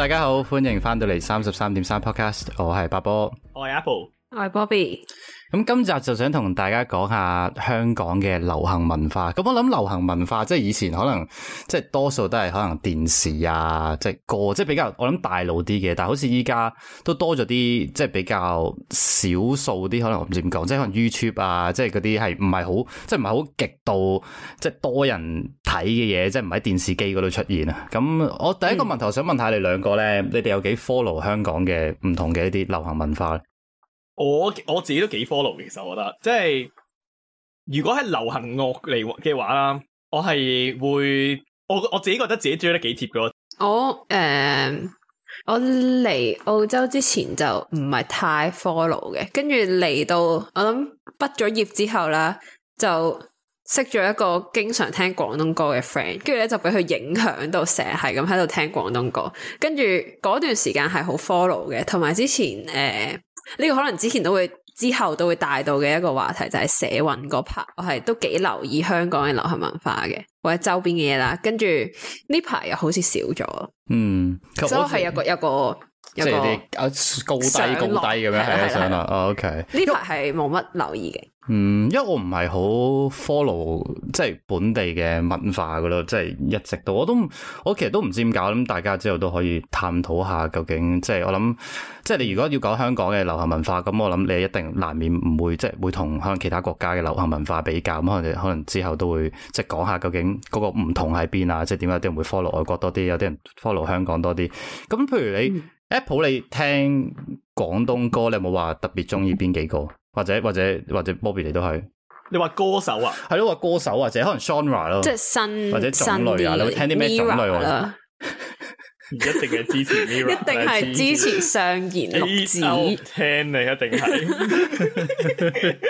大家好，歡迎翻到嚟三十三點三 Podcast，我係白波，我係 Apple，我係 Bobby。咁今集就想同大家講下香港嘅流行文化。咁我諗流行文化即係以前可能即係多數都係可能電視啊，即係歌，即係比較我諗大路啲嘅。但係好似依家都多咗啲，即係比較少數啲，可能我唔知點講，即係可能 YouTube 啊，即係嗰啲係唔係好，即係唔係好極度，即係多人睇嘅嘢，即係唔喺電視機嗰度出現啊。咁我第一個問題，嗯、想問問下你兩個咧，你哋有幾 follow 香港嘅唔同嘅一啲流行文化？我我自己都幾 follow 其實我覺得，即係如果係流行樂嚟嘅話啦，我係會我我自己覺得自己追得幾貼嘅、呃。我誒，我嚟澳洲之前就唔係太 follow 嘅，跟住嚟到我諗畢咗業之後啦，就。識咗一個經常聽廣東歌嘅 friend，跟住咧就俾佢影響到，成日係咁喺度聽廣東歌。跟住嗰段時間係好 follow 嘅，同埋之前誒呢、呃這個可能之前都會之後都會帶到嘅一個話題就係社運嗰 part，我係都幾留意香港嘅流行文化嘅或者周邊嘅嘢啦。跟住呢排又好似少咗，嗯，所以係一個一個。嗯一個即係啲高低下高低咁樣係啦，上 OK 呢排係冇乜留意嘅。嗯，因為我唔係好 follow 即係本地嘅文化噶咯，即係一直到我都我其實都唔知點搞。咁大家之後都可以探討下究竟，即係我諗，即係你如果要講香港嘅流行文化，咁我諗你一定難免唔會即係會同可能其他國家嘅流行文化比較。咁可能可能之後都會即係講下究竟嗰個唔同喺邊啊？即係點解啲人會 follow 外國多啲，有啲人 follow 香港多啲？咁譬如你。嗯 Apple，你聽廣東歌，你有冇話特別中意邊幾個？或者或者或者 Bobby 你都係。你話歌手啊？係咯， 話歌手或者啊可能 genre 咯、啊，即係新或者種類啊？的你會聽啲咩種類，我覺得啊。era 一定係支持 Mirror， 一定係支持尚言六子。聽你一定係，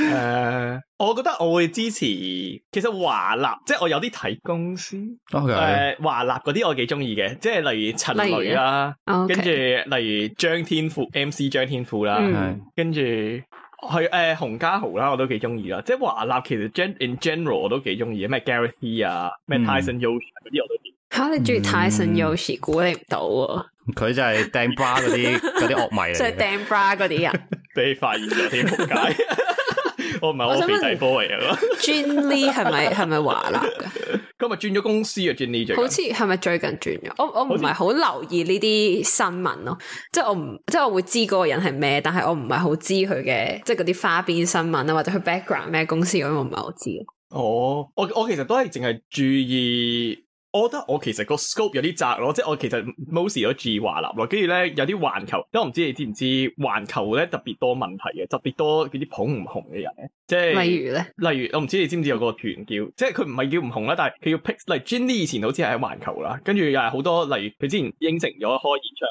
誒，我覺得我會支持。其實華納，即係我有啲睇公司。誒 Okay.、呃，華納嗰啲我幾中意嘅，即係例如陳蕾啦，跟住例如張、啊 okay. 天賦 M C 張天賦啦，mm. 嗯、跟住係誒洪嘉豪啦，我都幾中意啦。即係華納其實 gen, in general 我都幾中意嘅，咩 Gareth.T 啊，咩 Tyson Yoshi 嗰啲我都。Mm. 吓你中意泰森有時估你唔到，啊，佢就係掟 bra 嗰啲嗰啲惡迷嚟，即係掟 bra 嗰啲人被發現，點 解？我唔係我邊啲科位啊 Gin Lee 係咪係咪華納噶？今日轉咗公司啊 Gin Lee 好似係咪最近轉咗？我我唔係好留意呢啲新聞咯，即係我唔即係我會知嗰個人係咩，但係我唔係好知佢嘅即係嗰啲花邊新聞啊，或者佢 background 咩公司咁，我唔係好知哦，我我其實都係淨係注意。我覺得我其實個 scope 有啲窄咯，即係我其實 mostly 都住華納咯，跟住咧有啲環球，因為我唔知你知唔知環球咧特別多問題嘅，特別多嗰啲捧唔紅嘅人，即係例如咧，例如我唔知你知唔知有個團叫，即係佢唔係叫唔紅啦，但係佢要 pick，例如 Jennie 以前好似係喺環球啦，跟住又係好多，例如佢之前應承咗開演唱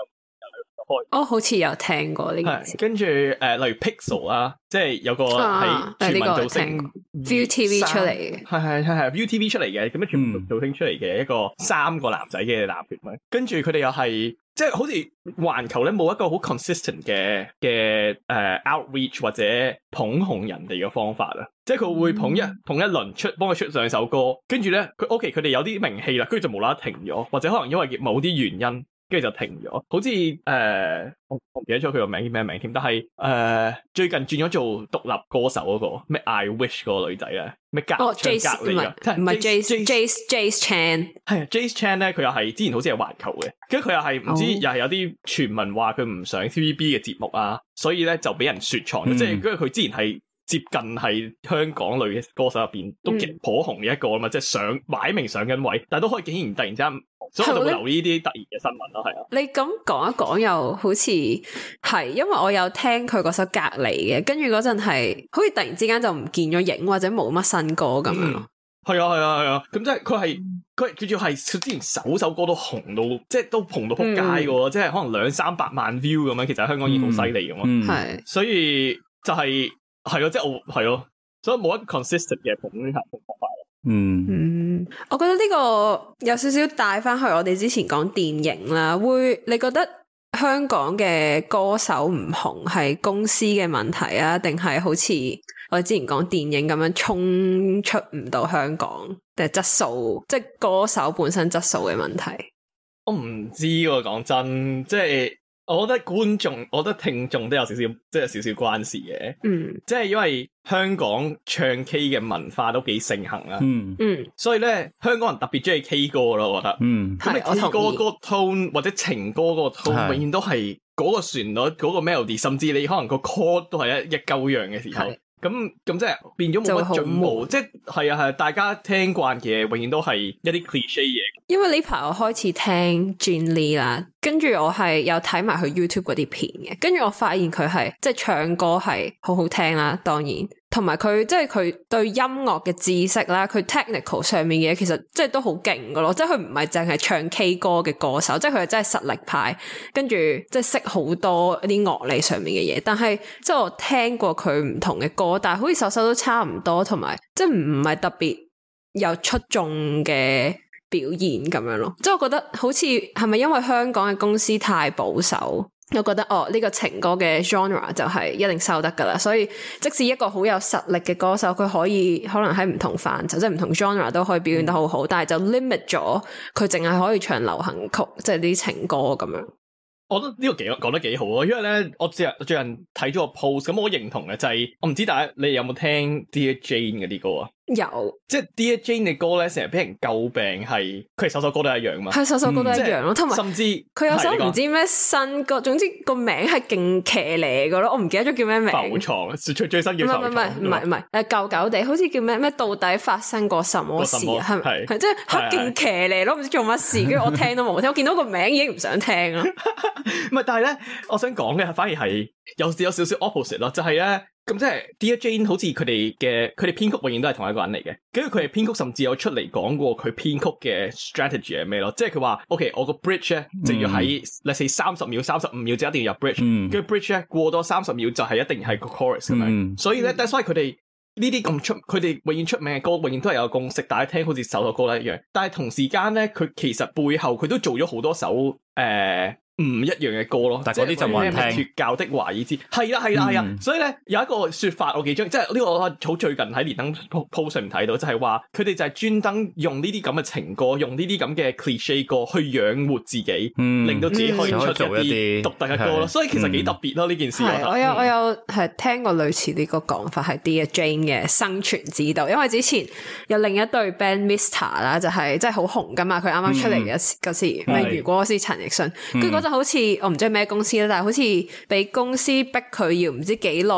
哦，oh, 好似有聽過呢件事。跟住，誒、呃，例如 Pixel 啦，即係有個喺全民造星 ViuTV TV 出嚟嘅，係係係 ViuTV TV 出嚟嘅，咁樣全部造星出嚟嘅一個三個男仔嘅男團。跟住佢哋又係即係好似環球咧冇一個好 consistent 嘅嘅誒 outreach 或者捧紅人哋嘅方法啦。即係佢會捧一、mm hmm. 捧一輪出，幫佢出兩首歌。跟住咧，佢 OK，佢哋有啲名氣啦，跟住就無啦啦停咗，或者可能因為某啲原因。跟住就停咗，好似誒、呃，我唔記得咗佢個名叫咩名添。但係誒、呃，最近轉咗做獨立歌手嗰、那個咩？I wish 嗰個女仔咧，咩格隔長、oh, Jace 隔嚟噶？唔係 Jace Jace Chan，係 Jace Chan 咧，佢又係之前好似係環球嘅，跟住佢又係唔知，又係、oh. 有啲傳聞話佢唔上 TVB 嘅節目啊，所以咧就俾人雪藏，hmm. 即係因為佢之前係。接近係香港女歌手入邊都幾頗紅嘅一個啊嘛，嗯、即係上擺明上緊位，但係都可以竟然突然之間，所以我就留意呢啲突然嘅新聞咯，係啊。你咁講一講，又好似係，因為我有聽佢嗰首隔離嘅，跟住嗰陣係好似突然之間就唔見咗影，或者冇乜新歌咁樣。係啊係啊係啊，咁即係佢係佢主要係佢之前首首歌都紅到，即係都紅到扑街噶，即係、嗯、可能兩三百萬 view 咁樣，其實喺香港已經好犀利噶嘛。係，嗯、所以就係、就係係咯，即係我係咯，所以冇一個 consistent 嘅咁啲行方法。嗯，嗯，我覺得呢個有少少帶翻去我哋之前講電影啦。會你覺得香港嘅歌手唔紅係公司嘅問題啊，定係好似我哋之前講電影咁樣衝出唔到香港，定係質素，即係歌手本身質素嘅問題？我唔知喎，啊，講真，即係。我覺得觀眾，我覺得聽眾都有少少，即係有少少關事嘅。嗯，即係因為香港唱 K 嘅文化都幾盛行啦。嗯嗯，所以咧，香港人特別中意 K 歌咯，我覺得。嗯，係你。我同意。歌嗰個 tone 或者情歌嗰個 tone，永遠都係嗰個旋律是、嗰個 melody，甚至你可能個 core 都係一一鳩樣嘅時候。咁咁即係變咗冇乜進步，即係啊係大家聽慣嘅永遠都係一啲 cliche 嘢。因為呢排我開始聽 Gin Lee 啦，跟住我係有睇埋佢 YouTube 嗰啲片嘅，跟住我發現佢係即係唱歌係好好聽啦，當然。同埋佢即係佢對音樂嘅知識啦，佢 technical 上面嘅嘢，其實即係都好勁噶咯，即係佢唔係淨係唱 K 歌嘅歌手，即係佢係真係實力派，跟住即係識好多一啲樂理上面嘅嘢。但係即係我聽過佢唔同嘅歌，但係好似首首都差唔多，同埋即係唔係特別有出眾嘅表演咁樣咯。即係我覺得好似係咪因為香港嘅公司太保守？我覺得哦，呢、呢個情歌嘅 genre 就係一定收得㗎喇，所以即使一個好有實力嘅歌手，佢可以可能喺唔同範疇，就即係唔同 genre 都可以表現得好好，嗯、但係就 limit 咗佢淨係可以唱流行曲，即係啲情歌咁樣。我覺得呢個幾講得幾好啊，因為咧，我最近最近睇咗個 post，咁我認同嘅就係、係、我唔知大家你有冇聽 Dear Jane 嗰啲歌啊？有即係 Dear Jane 嘅歌咧，成日俾人詬病，係佢首首歌都一樣嘛？係首首歌都一樣咯，同埋甚至佢有首唔知咩新歌，總之個名係勁騎呢個咯，我唔記得咗叫咩名。收藏說出最新嘅收藏。唔係唔係唔係唔係，誒舊舊地，好似叫咩咩？到底發生過什麼事？係係即係勁騎呢？咯唔知做乜事，跟住我聽都冇聽，我見到個名已經唔想聽啦。唔係，但係咧，我想講咧，反而係有有少少 opposite 咯，就係咧。咁即係 Dear Jane，好似佢哋嘅佢哋編曲永遠都係同一個人嚟嘅。跟住佢哋編曲甚至有出嚟講過佢編曲嘅 strategy 係咩咯？即係佢話：OK，我個 bridge 咧，就要喺 let's say 三十秒、三十五秒就一定要入 bridge，嗯。跟住 bridge 咧，過多三十秒就係一定係個 chorus 咁樣，嗯。right? 所以咧，但係，嗯、所以佢哋呢啲咁出佢哋永遠出名嘅歌永遠都係有個公式，大家聽好似首首歌咧一樣。但係同時間咧，佢其實背後佢都做咗好多首誒。呃唔一樣嘅歌咯，嗰啲就話脫教的華爾茲，係啦係啦係啊，所以咧有一個說法我幾鍾意，即係呢個我好最近喺連登 post 上睇到，就係話佢哋就係專登用呢啲咁嘅情歌，用呢啲咁嘅 cliche 歌去養活自己，令到自己可以出一啲獨特嘅歌咯，所以其實幾特別咯呢件事。我有我有係聽過類似呢個講法，係 Dear Jane 嘅生存指導，因為之前有另一對 band Mr. 啦，就係即係好紅噶嘛，佢啱啱出嚟嘅時嗰時明月歌是陳奕迅，好似我唔知係咩公司啦，但係好似俾公司逼佢要唔知幾耐，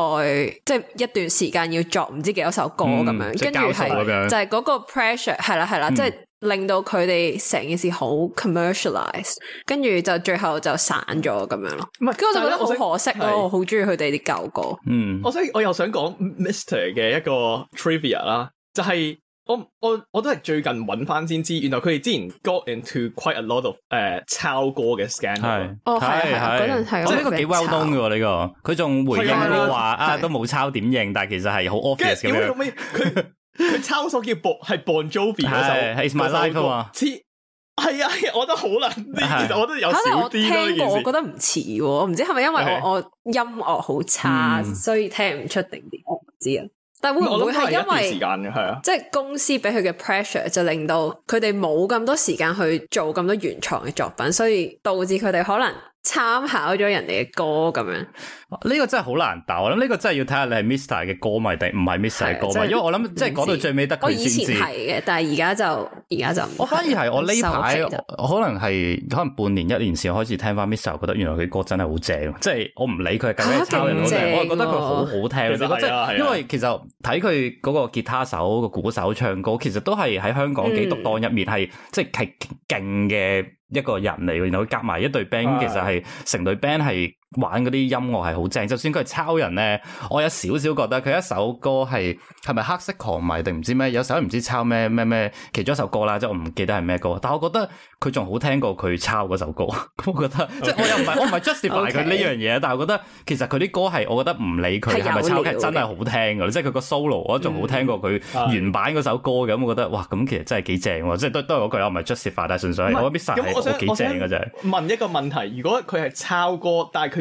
即係一段時間要作唔知幾多首歌咁樣，嗯、跟住係就係嗰個 pressure，係啦係啦，嗯，即係令到佢哋成件事好 commercialize，跟住就最後就散咗咁樣咯。唔係、嗯，咁我就覺得好可惜咯，我好中意佢哋啲舊歌。嗯，我所以我又想講 Mister 嘅一個 trivia 啦，就係。我我我都係最近揾翻先知，原來佢哋之前 got into quite a lot of 誒抄歌嘅 scandal 哦，係係，嗰陣係。即係一個幾 well known 嘅呢個，佢仲回應都話啊都冇抄點應，但係其實係好 office 佢抄所叫博係 Bon Jovi 嗰首，係 My Life 咁啊。似係啊，我覺得可能，其實我都有少啲。我聽過，我覺得唔似喎，唔知係咪因為我我音樂好差，所以聽唔出定啲。我唔知啊。但會唔會係因為時間嘅係呀，即係公司俾佢嘅 pressure 就令到佢哋冇咁多時間去做咁多原創嘅作品，所以導致佢哋可能？參考咗人哋嘅歌咁樣，呢、啊呢個真係好難答。我諗呢個真係要睇下你係 Mr. 嘅歌迷定唔係 Mr. 嘅歌迷，是是歌迷，因為我諗即係講到最尾得我以前知嘅。但係而家就而家就、嗯、我反而係我呢排可能係可能半年一年前開始聽翻 Mr. 覺得原來佢歌真係好正，啊、即係我唔理佢係咁樣抄人，我係、啊、覺得佢好好聽。就是、因為其實睇佢嗰個吉他手、嗰個鼓手、唱歌，其實都係喺香港幾獨當一面，係即係係勁嘅。一個人嚟，然後夾埋一隊 band，其實，係成隊 band 係。玩嗰啲音樂係好正，就算佢係抄人咧，我有少少覺得佢一首歌係係咪黑色狂迷定唔知咩？有首唔知抄咩咩咩？其中一首歌啦，即係我唔記得係咩歌，但我覺得佢仲好聽過佢抄嗰首歌，我覺得即係我又唔係我唔係 justify 佢呢樣嘢，但係我覺得其實佢啲歌係，我覺得唔理佢係咪抄真係好聽噶，即係佢個 solo 我仲好聽過佢原版嗰首歌嘅，咁我覺得哇，咁其實真係幾正，即係都都係嗰句，我唔係 justify，但係純粹我嗰邊實係幾正噶啫。問一個問題，如果佢係抄歌，但係佢。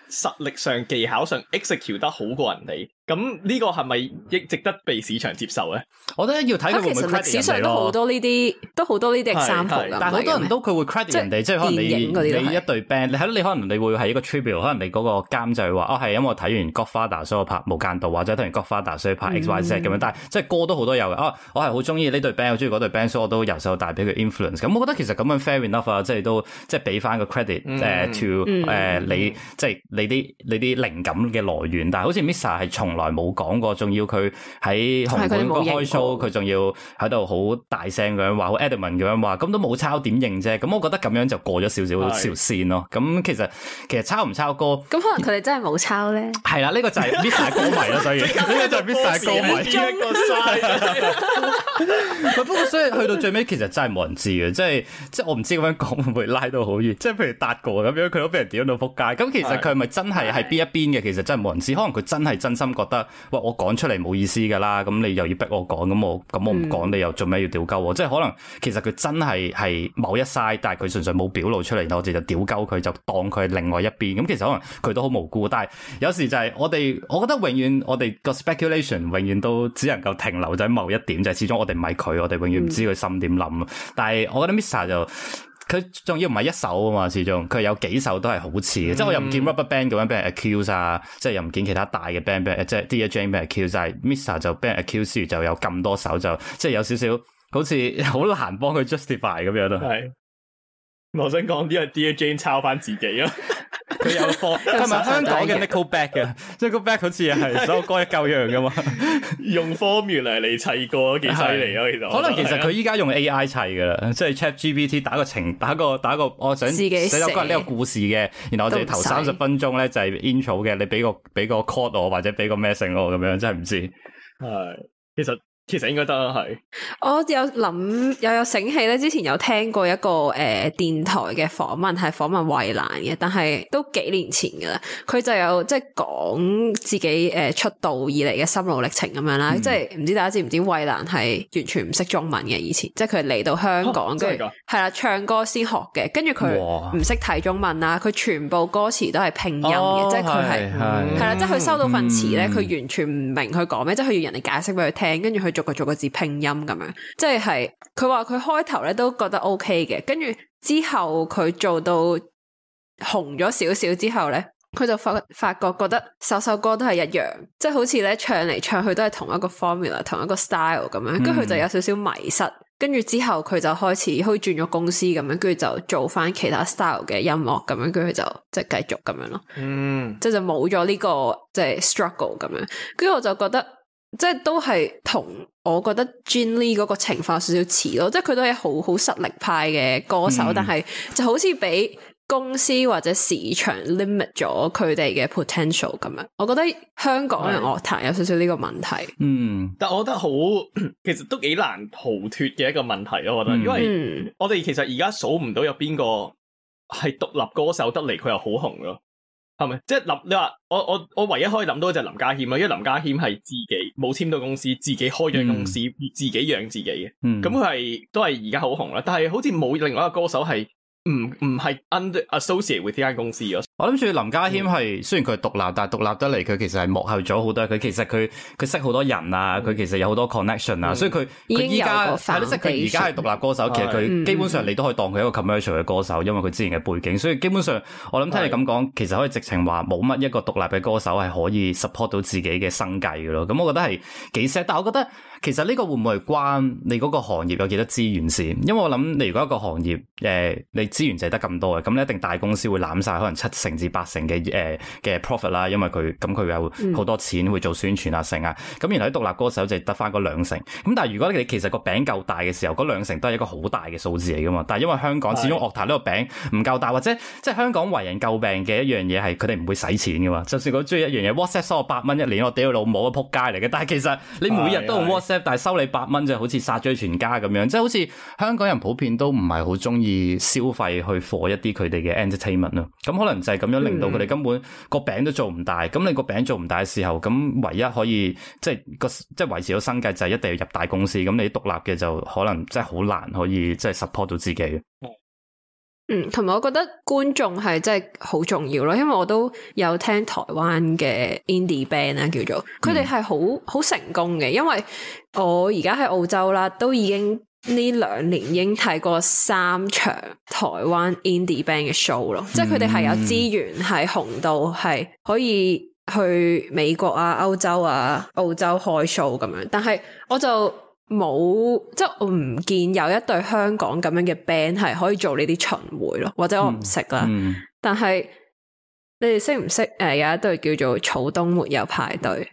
實力上、技巧上，execute 得好過人哋，咁呢個係咪亦值得被市場接受咧？我覺得要睇佢會唔會 credit、啊、都好多呢啲，都好多呢啲 example 噶。這樣 但係好多人都佢會 credit 人哋，即係可能你你一對 band，你係你可能你會係一個 tribute，可能你嗰個監製話，哦，係因為我睇完 Godfather，所以拍無間道，或者睇完 Godfather，所以拍 X Y Z 咁樣、嗯。但係即係歌都好多有嘅。哦。我係好中意呢對 band，好中意嗰對 band，所以我都由細到大俾佢 influence。咁我覺得其實咁樣 fair enough 啊，即係都即係俾翻個 credit 誒，to 誒你即係。你啲你啲靈感嘅來源，但係好似 Missa 係從來冇講過，仲要佢喺紅館嗰開 show，佢仲要喺度好大聲咁樣話，好 Edmund 咁樣話，咁都冇抄點認啫。咁我覺得咁樣就過咗少少少線咯。咁對、嗯、其實其實抄唔抄歌，咁可能佢哋真係冇抄咧。係啦，呢、呢個就係 Missa 歌迷咯，所以呢個就係 Missa 歌迷。不過所以去到最尾，其實真係冇人知嘅，即係即係我唔知咁樣講會唔會拉到好遠。即係譬如達哥咁樣，佢都俾人屌到撲街。咁對 其實佢咪？真係係邊一邊嘅，其實真係冇人知。可能佢真係真心覺得，喂，我講出嚟冇意思㗎啦。咁你又要逼我講，咁我咁我唔講，你又做咩要屌鳩我？嗯、即係可能其實佢真係係某一 side 但係佢純粹冇表露出嚟，然後我哋就屌鳩佢，就當佢係另外一邊。咁其實可能佢都好無辜，但係有時就係我哋，我覺得永遠我哋個 speculation 永遠都只能夠停留在某一點，就係、是、始終我哋唔係佢，我哋永遠唔知佢心點諗。但係我覺得 Misha 就。佢仲要唔係一首啊嘛，始終佢有幾首都係好似嘅，嗯、即係我又唔見 Rubber Band 咁樣俾人 accuse 啊，嗯、即係又唔見其他大嘅 band，呃、即係 Dear Jane 俾人 accuse，但係 Mr. 就俾人 accuse，就有咁多首就即係有少少好似好難幫佢 justify 咁樣咯。係，我想講啲係 Dear Jane 抄翻自己咯。 佢有 f o r 香港嘅 Nickelback 嘅 ，Nickelback 好似係所有歌一舊樣噶嘛 ？用 formula 嚟砌過幾犀利咯，其實。 可能其實佢依家用 AI 砌噶啦， 即係 Chat GPT 打個情，打個打，個，打個，我想自己寫首歌呢個故事嘅，然後我哋頭三十分鐘咧就係、是、intro 嘅，你俾個俾個 call 我，或者俾個 message 我咁樣，真係唔知。係， 其實。其實應該得啦，係。我有諗，又有醒起咧。之前有聽過一個誒電台嘅訪問，係訪問衞蘭嘅，但係都幾年前㗎啦。佢就有即係講自己誒出道以嚟嘅心路歷程咁樣啦。即係唔知大家知唔知衞蘭係完全唔識中文嘅以前，即係佢嚟到香港，即係係啦，唱歌先學嘅，跟住佢唔識睇中文啦。佢全部歌詞都係拼音嘅，即係佢係係啦。即係佢收到份詞咧，佢完全唔明佢講咩，即係佢要人哋解釋俾佢聽，跟住佢逐個逐個字拼音咁樣，即係佢話佢開頭咧都覺得 OK 嘅，跟住之後佢做到紅咗少少之後咧，佢就發發覺覺得首首歌都係一樣，即係好似咧唱嚟唱去都係同一個 formula，同一個 style 咁樣，跟住佢就有少少迷失。跟住、嗯、之後佢就開始好似轉咗公司咁樣，跟住就做翻其他 style 嘅音樂咁樣，跟住佢就即係繼續咁樣咯。嗯，即係就冇咗呢個即係 struggle 咁樣，跟住我就覺得。即係都係同我覺得 Gin Lee 嗰個情況少少似咯，即係佢都係好好實力派嘅歌手，但係就好似俾公司或者市場 limit 咗佢哋嘅 potential 咁樣。我覺得香港嘅樂壇有少少呢個問題。嗯，但係我覺得好，其實都幾難逃脫嘅一個問題咯。我覺得，因為我哋其實而家數唔到有邊個係獨立歌手得嚟，佢又好紅咯。係咪即係林？你話我我我唯一可以諗到就係林家謙啊，因為林家謙係自己冇簽到公司，自己開咗間公司，嗯、自己養自己嘅。嗯，咁佢係都係而家好紅啦，但係好似冇另外一個歌手係唔唔係 under associate with 呢間公司咯。我諗住林家謙係雖然佢係獨立，但係獨立得嚟佢其實係幕後咗好多。佢其實佢佢識好多人啊，佢其實有好多 connection 啊，所以佢佢而家係咯，即係佢而家係獨立歌手。其實佢基本上你都可以當佢一個 commercial 嘅歌手，因為佢之前嘅背景。所以基本上我諗聽你咁講，其實可以直情話冇乜一個獨立嘅歌手係可以 support 到自己嘅生計噶咯。咁我覺得係幾實。但係我覺得其實呢個會唔會係關你嗰個行業有幾多資源先？因為我諗你如果一個行業誒你資源就得咁多嘅，咁你一定大公司會攬晒，可能七成。成至八成嘅誒嘅 profit 啦，因為佢咁佢有好多錢會做宣傳啊、盛啊，咁原來啲獨立歌手就係得翻嗰兩成。咁但係如果你其實個餅夠大嘅時候，嗰兩成都係一個好大嘅數字嚟噶嘛。但係因為香港始終樂壇呢個餅唔夠大，或者即係香港為人詬病嘅一樣嘢係佢哋唔會使錢噶嘛。就算佢中意一樣嘢，WhatsApp 收我八蚊一年，我屌老母啊，仆街嚟嘅。但係其實你每日都用 WhatsApp，是是是但係收你八蚊啫，好似殺咗全家咁樣，即係好似香港人普遍都唔係好中意消費去貨一啲佢哋嘅 entertainment 咯。咁可能就係、是。咁樣令到佢哋根本個餅都做唔大，咁你個餅做唔大嘅時候，咁唯一可以即係個即係維持咗生計就係一定要入大公司，咁你獨立嘅就可能真係好難可以即係 support 到自己。哦，嗯，同埋我覺得觀眾係真係好重要咯，因為我都有聽台灣嘅 indie band 啦，叫做佢哋係好好成功嘅，因為我而家喺澳洲啦，都已經。呢兩年已經睇過三場台灣 indie band 嘅 show 咯，嗯、即係佢哋係有資源，係紅到係可以去美國啊、歐洲啊、澳洲開 show 咁樣。但係我就冇，即係我唔見有一對香港咁樣嘅 band 係可以做呢啲巡回咯，或者我唔識啦。嗯、但係你哋識唔識誒？有一對叫做草東沒有派對，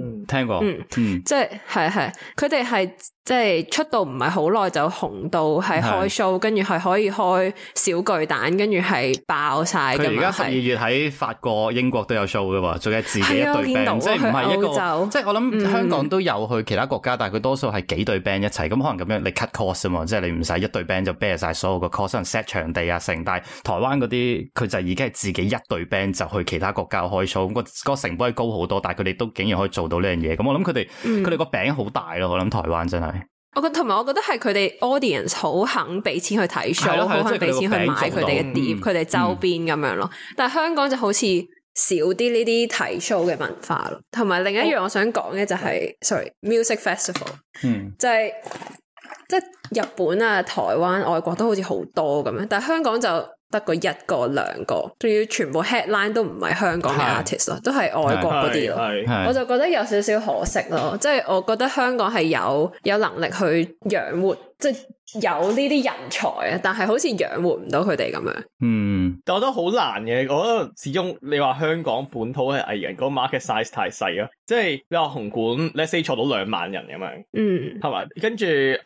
嗯、聽過，嗯，嗯嗯即係係係，佢哋係。即係出道唔係好耐就紅到係開 show，是跟住係可以開小巨蛋，跟住係爆晒。佢而家十二月喺法國、英國都有 show 噶喎，仲係自己一隊 band，即係唔係一個，即係我諗香港都有去其他國家，但係佢多數係幾隊 band 一齊，咁、嗯、可能咁樣你 cut cost 啊嘛，即係你唔使一隊 band 就 bear 晒所有嘅 cost，甚至 set 場地啊成。但係台灣嗰啲佢就已經係自己一隊 band 就去其他國家開 show，咁個成本係高好多，但係佢哋都竟然可以做到呢樣嘢，咁我諗佢哋佢哋個餅好大咯，我諗台灣真係、嗯。我同埋我覺得係佢哋 audience 好肯俾錢去睇 show，好了肯俾錢去買佢哋嘅碟、佢哋周邊咁樣咯。嗯嗯、但係香港就好似少啲呢啲睇 show 嘅文化咯。同埋另一樣我想講嘅就係、是哦，sorry，music festival，嗯、就係即係日本啊、台灣、外國都好似好多咁樣，但係香港就。得個一個兩個，仲要全部 headline 都唔係香港嘅 artist 咯是，都係外國嗰啲咯。我就覺得有少少可惜咯，即係我覺得香港係有有能力去養活，即係有呢啲人才啊，但係好似養活唔到佢哋咁樣。嗯，但我覺得好難嘅，我覺得始終你話香港本土嘅藝人嗰個 market size 太細咯，即係你話紅館，let’s say 坐到兩萬人咁樣，嗯，係嘛，跟住誒，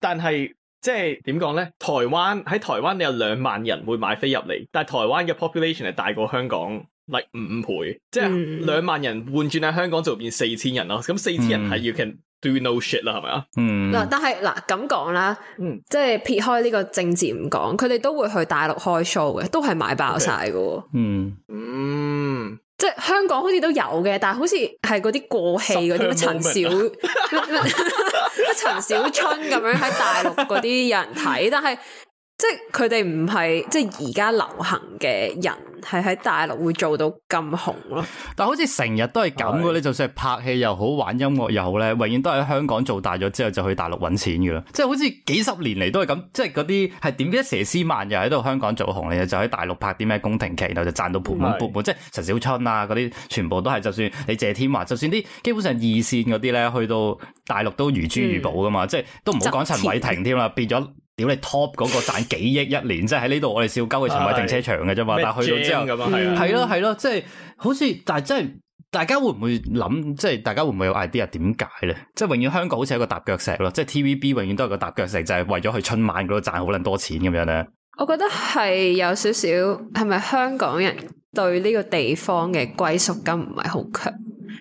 但係。即係點講咧？台灣喺台灣，你有兩萬人會買飛入嚟，但係台灣嘅 population 係大過香港，like 五倍。即係兩萬人換轉喺香港做，變四千人咯。咁四千人係 you can do no shit 啦，係咪啊？嗯。嗱，但係嗱咁講啦，嗯，即係撇開呢個政治唔講，佢哋都會去大陸開 show 嘅，都係買爆晒噶。嗯、okay. 嗯。嗯即係香港好似都有嘅，但係好似係嗰啲過氣嗰啲陳小。 陳小春咁樣喺大陸嗰啲人睇，但係。即係佢哋唔係即係而家流行嘅人，係喺大陸會做到咁紅咯。但好似成日都係咁嘅咧，就算係拍戲又好，玩音樂又好咧，永遠都係喺香港做大咗之後就去大陸搵錢噶啦。即係好似幾十年嚟都係咁。即係嗰啲係點解佘詩曼又喺度香港做紅嘅，就喺大陸拍啲咩宮廷劇，然後就賺到盆滿缽滿。即係陳小春啊，嗰啲全部都係。就算你謝天華，就算啲基本上二線嗰啲咧，去到大陸都如珠如寶噶嘛。即係都唔好講陳偉霆添啦，變咗。屌你 top 嗰個賺幾億一年，即係喺呢度我哋笑鳩嘅巡邁停車場嘅啫嘛，咁樣係啊，但係去到之後，係咯係咯，即係好似但係即係大家會唔會諗，即係大家會唔會有 idea 點解咧？即係永遠香港好似一個踏腳石咯，即係 TVB 永遠都係個踏腳石，就係、是、為咗去春晚嗰度賺好撚多錢咁樣咧。我覺得係有少少，係咪香港人對呢個地方嘅歸屬感唔係好強，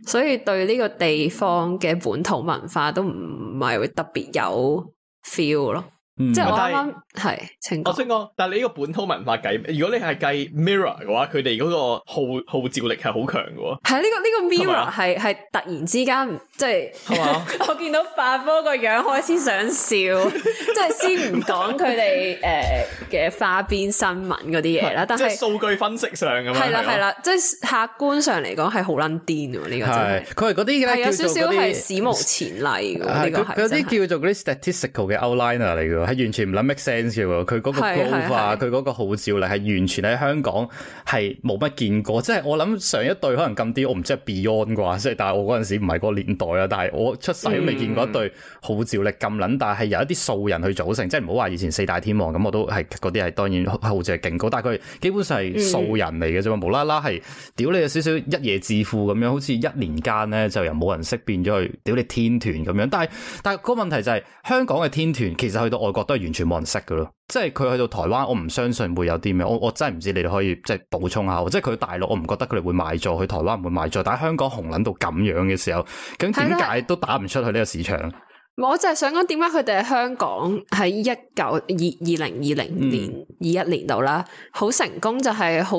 所以對呢個地方嘅本土文化都唔係會特別有 feel 咯。嗯、即係我啱啱係係，是請我想講。但係你呢個本土文化計，如果你係計 mirror 嘅話，佢哋嗰個號號召力係好強嘅喎，係啊，呢個呢個 mirror 係係吧突然之間。即係，我見到發哥個樣，開始想笑，即係先唔講佢哋誒嘅花邊新聞嗰啲嘢啦。但係數據分析上咁樣嚟係啦係啦，即係客觀上嚟講係好撚癲喎，呢個真係。佢係嗰啲而家叫做嗰啲史無前例嘅。嗰嗰啲叫做嗰啲 statistical 嘅 outliner 嚟嘅，係完全唔諗 make sense 嘅喎。佢嗰個 growth，佢嗰個號召力係完全喺香港係冇乜見過。即係我諗上一對可能咁啲，我唔知係 Beyond 啩，即係但係我嗰陣時唔係嗰個年代。但係我出世都未見過一對號召力咁撚大，但係由一啲素人去組成，即係唔好話以前四大天王咁，我都係嗰啲係當然號召力勁，但係佢基本上係素人嚟嘅啫嘛，無啦啦係屌你有少少一夜致富咁樣，好似一年間咧就由冇人識變咗去屌你天團咁樣，但係但係個問題就係香港嘅天團其實去到外國都係完全冇人識嘅咯。即係佢去到台灣，我唔相信會有啲咩，我我真係唔知你哋可以即係補充下。即係佢大陸，我唔覺得佢哋會賣座。去台灣唔會賣座，但係香港紅撚到咁樣嘅時候，咁點解都打唔出去呢個市場？我就係想講，點解佢哋喺香港喺一九二二零二零年二一、嗯、年度咧，好成功就係好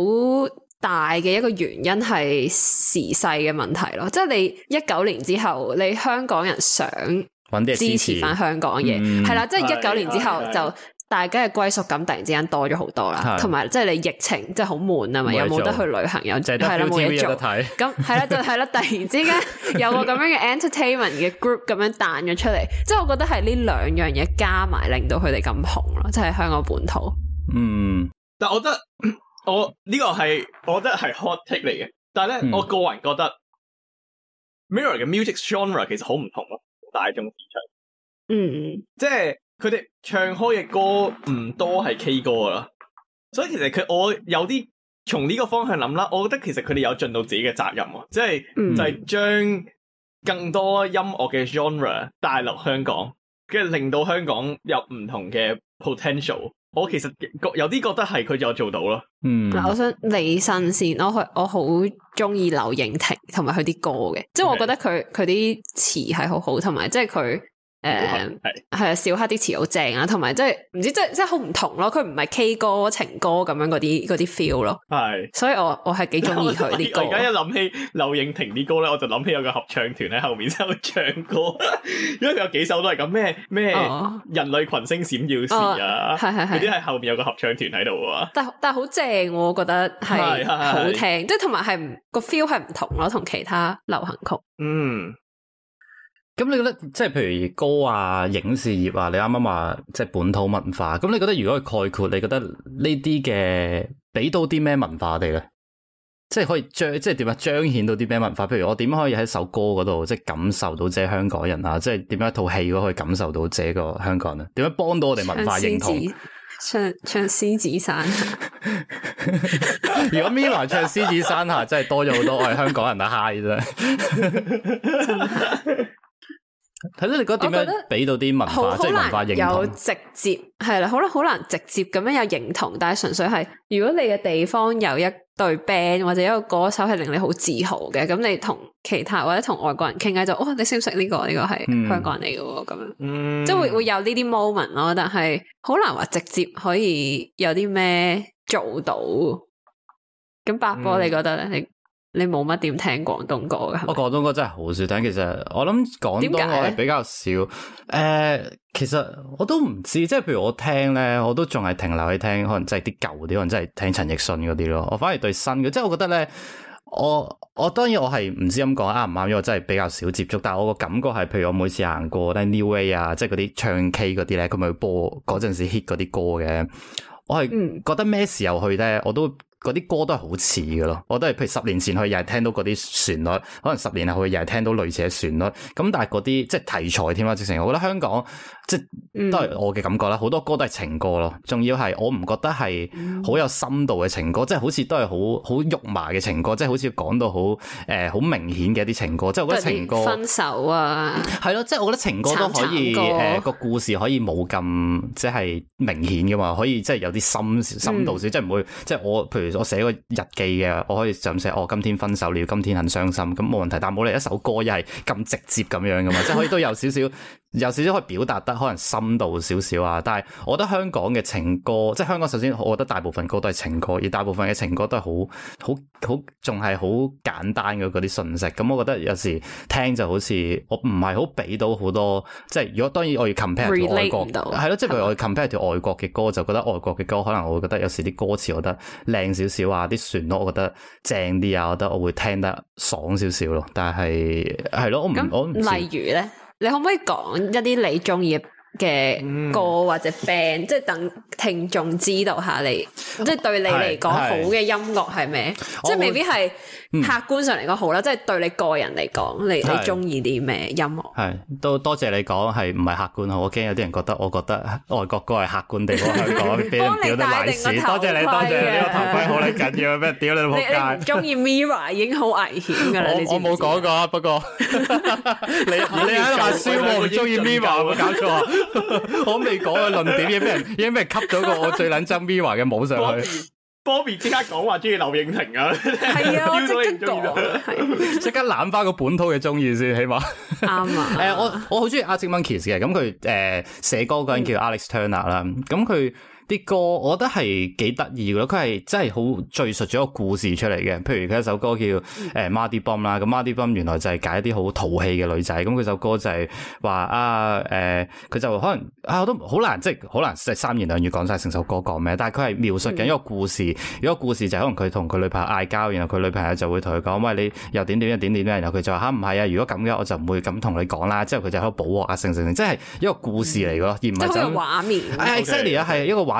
大嘅一個原因係時勢嘅問題咯。即係你一九年之後，你香港人想揾啲支持翻香港嘢，係啦、嗯，即係一九年之後就。大家嘅歸屬感突然之間多咗好多啦，同埋即係你疫情即係好悶啊，咪有冇得去旅行，又係啦冇嘢做，咁係啦就係啦，突然之間有個咁樣嘅 entertainment 嘅 group 咁樣彈咗出嚟， 即係我覺得係呢兩樣嘢加埋令到佢哋咁紅咯，即係香港本土。嗯，但我覺得我呢、這個係我覺得係 hot take 嚟嘅，但係咧、嗯、我個人覺得 Mirror 嘅 music genre 其實好唔同咯，大眾市場。嗯，即係。佢哋唱開嘅歌唔多係 K 歌噶啦，所以其實佢我有啲從呢個方向諗啦，我覺得其實佢哋有盡到自己嘅責任啊，即係就係將更多音樂嘅 genre 帶落香港，跟住令到香港有唔同嘅 potential。我其實有啲覺得係佢有做到咯。嗱，我想你信先，我我好中意劉穎婷同埋佢啲歌嘅，即係我覺得佢佢啲詞係好好，同埋即係佢。誒，係係啊，小黑啲詞好正啊，同埋即係唔知即係即係好唔同咯。佢唔係 K 歌情歌咁樣嗰啲啲 feel 咯。係，所以我我係幾中意佢呢個。而家一諗起柳應廷啲歌咧，我就諗起有個合唱團喺後面會唱歌。因為佢有幾首都係咁咩咩人類群星閃耀時啊，係係係，啲係後面有個合唱團喺度啊。但但係好正，我覺得係好聽，即係同埋係個 feel 係唔同咯，同其他流行曲。嗯。咁你覺得即係譬如歌啊、影視業啊，你啱啱話即係本土文化。咁你覺得如果去概括，你覺得呢啲嘅俾到啲咩文化我哋咧？即係可以彰，即係點樣彰顯到啲咩文化？譬如我點樣可以喺首歌嗰度即係感受到即係香港人啊？即係點樣一套戲都可以感受到這個香港人啊？點樣幫到我哋文化認同？唱唱獅子山。 如果 Mirror 唱獅子山下真，真係多咗好多我係香港人啊，high 啫。 睇到你覺得點樣俾到啲文化，好難有直接係啦，好啦，好難直接咁樣有認同，但係純粹係如果你嘅地方有一對 band 或者一個歌手係令你好自豪嘅，咁你同其他或者同外國人傾偈就，哦，你識唔識呢個？呢個係香港人嚟嘅，咁，即係會會有呢啲 moment 咯。但係好難話直接可以有啲咩做到。咁伯哥，你覺得咧？嗯你你冇乜點聽廣東歌嘅？我廣東歌真係好少聽。其實我諗廣東我係比較少。誒、呃，其實我都唔知。即係譬如我聽咧，我都仲係停留去聽，可能即係啲舊啲，可能真係聽陳奕迅嗰啲咯。我反而對新嘅，即係我覺得咧，我我當然我係唔知咁講啱唔啱，因為我，我真係比較少接觸。但係我個感覺係，譬如我每次行過咧、like、，Neway 啊，即係嗰啲唱 K 嗰啲咧，佢咪播嗰陣時 hit 嗰啲歌嘅。我係覺得咩時候去咧，我都。嗯嗰啲歌都係好似嘅咯，我都係譬如十年前去又係聽到嗰啲旋律，可能十年後去又係聽到類似嘅旋律，咁但係嗰啲即係題材添喇，直情我覺得香港。即都係我嘅感覺啦，好多歌都係情歌咯，仲要係我唔覺得係好有深度嘅情,、嗯、情歌，即係好似都係好好肉麻嘅情歌，即係好似講到好誒好明顯嘅一啲情歌，即係我覺得情歌分手啊，係咯，即係我覺得情歌都可以誒個、呃、故事可以冇咁即係明顯嘅嘛，可以即係有啲深深度少、嗯、即係唔會即係我譬如我寫個日記嘅，我可以就咁寫，我、哦、今天分手了，今天很傷心，咁冇問題，但冇理由一首歌又係咁直接咁樣嘅嘛，即係可以都有少少。有少少可以表達得可能深度少少啊，但係我覺得香港嘅情歌，即係香港首先，我覺得大部分歌都係情歌，而大部分嘅情歌都係好、好、好，仲係好簡單嘅嗰啲信息。咁、嗯、我覺得有時聽就好似我唔係好俾到好多，即係如果當然我要 compare 條外國係咯，即係譬如我要 compare 條外國嘅歌，吧就覺得外國嘅歌可能我會覺得有時啲歌詞我覺得靚少少啊，啲旋律我覺得正啲啊，我覺得我會聽得爽少少咯、啊。但係係咯，我唔那我唔例如咧。你可唔可以講一啲你中意？嘅歌或者 band，即係等聽眾知道下你，即係對你嚟講好嘅音樂係咩？即係未必係客觀上嚟講好啦，即係對你個人嚟講，你你中意啲咩音樂？係都多謝你講，係唔係客觀？我驚有啲人覺得，我覺得外國歌係客觀地方去講，畀人屌得壞事。多謝你，多謝你呢個頭盔好，你緊要咩？屌你扑街！中意 MIRROR 已經好危險㗎喇，我我冇講過，不過你你喺度發燒，我中意 MIRROR，冇搞錯。 我未講嘅論點已經，俾人已經俾人吸咗個我最捻憎 Mirror 嘅帽上去。Bobby 即刻講話中意柳應廷啊，係啊，即 刻講，即刻攬翻個本土嘅中意先，起碼啱啊。誒、 哎，我我好中意 Arctic Monkeys 嘅，咁佢誒寫歌嗰人叫 Alex Turner 啦，咁佢，嗯。啲歌我覺得係幾得意嘅咯，佢係真係好敍述咗個故事出嚟嘅。譬如佢一首歌叫《誒 Muddy Bomb》啦，咁 Muddy Bomb 原來就係解啲好淘氣嘅女仔。咁佢首歌就係、是、話啊誒，佢、呃、就可能啊，我都好難即係好難即係三言兩語講晒成首歌講咩。但係佢係描述緊一個故事。嗯、如果故事就可能佢同佢女朋友嗌交，然後佢女朋友就會同佢講：喂，你又點點又點點，然後佢就話吓，唔係啊，啊，如果咁嘅我就唔會咁同你講啦。之後佢就喺度補啊，成成成，即係一個故事嚟咯，嗯、而唔係就畫面。exactly 啊，係一個畫。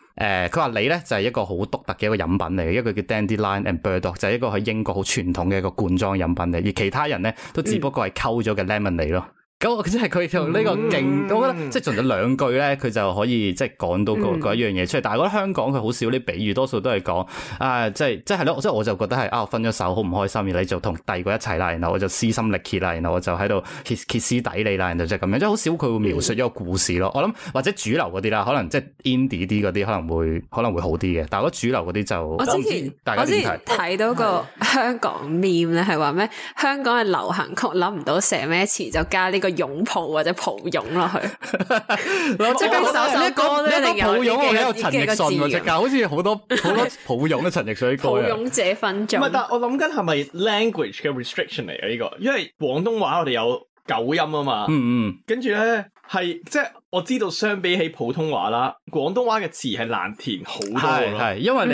誒，佢話、呃、你咧就係、是、一個好獨特嘅一個飲品嚟嘅，一個叫 Dandelion and Burdock，就係一個喺英國好傳統嘅一個罐裝飲品嚟，而其他人咧都只不過係溝咗嘅 lemon 嚟咯。咁我其實係佢用呢個勁，嗯、我覺得即係盡咗兩句咧，佢、嗯、就可以即係講到個一樣嘢出嚟。嗯、但係我覺得香港佢好少啲比喻，多數都係講啊，即係即係咯，即、就、係、即係即係即係、我就覺得係啊，分咗手好唔開心，你就同第二個一齊啦，然後我就撕心力竭啦，然後我就喺度歇歇斯底里啦，然後就咁樣，即係好少佢會描述一個故事咯。嗯、我諗或者主流嗰啲啦，可能即係 independent 嗰啲可能會可能會好啲嘅。但係我覺得主流嗰啲就我之前睇到個香港面咧係話咩？香港嘅流行曲諗唔到寫咩詞就加呢、呢個。擁抱或者抱擁落去，即刻一首一首歌咧，一個抱擁，我睇到陳奕迅嗰隻㗎，好似好多好多抱擁嘅陳奕迅歌。抱擁者份種，唔係，但我諗緊係咪 language 嘅 restriction 嚟嘅呢個，因為廣東話我哋有九音啊嘛，嗯嗯，跟住咧係即係。我知道相比起普通話啦，廣東話嘅詞係難填好多咯。係因為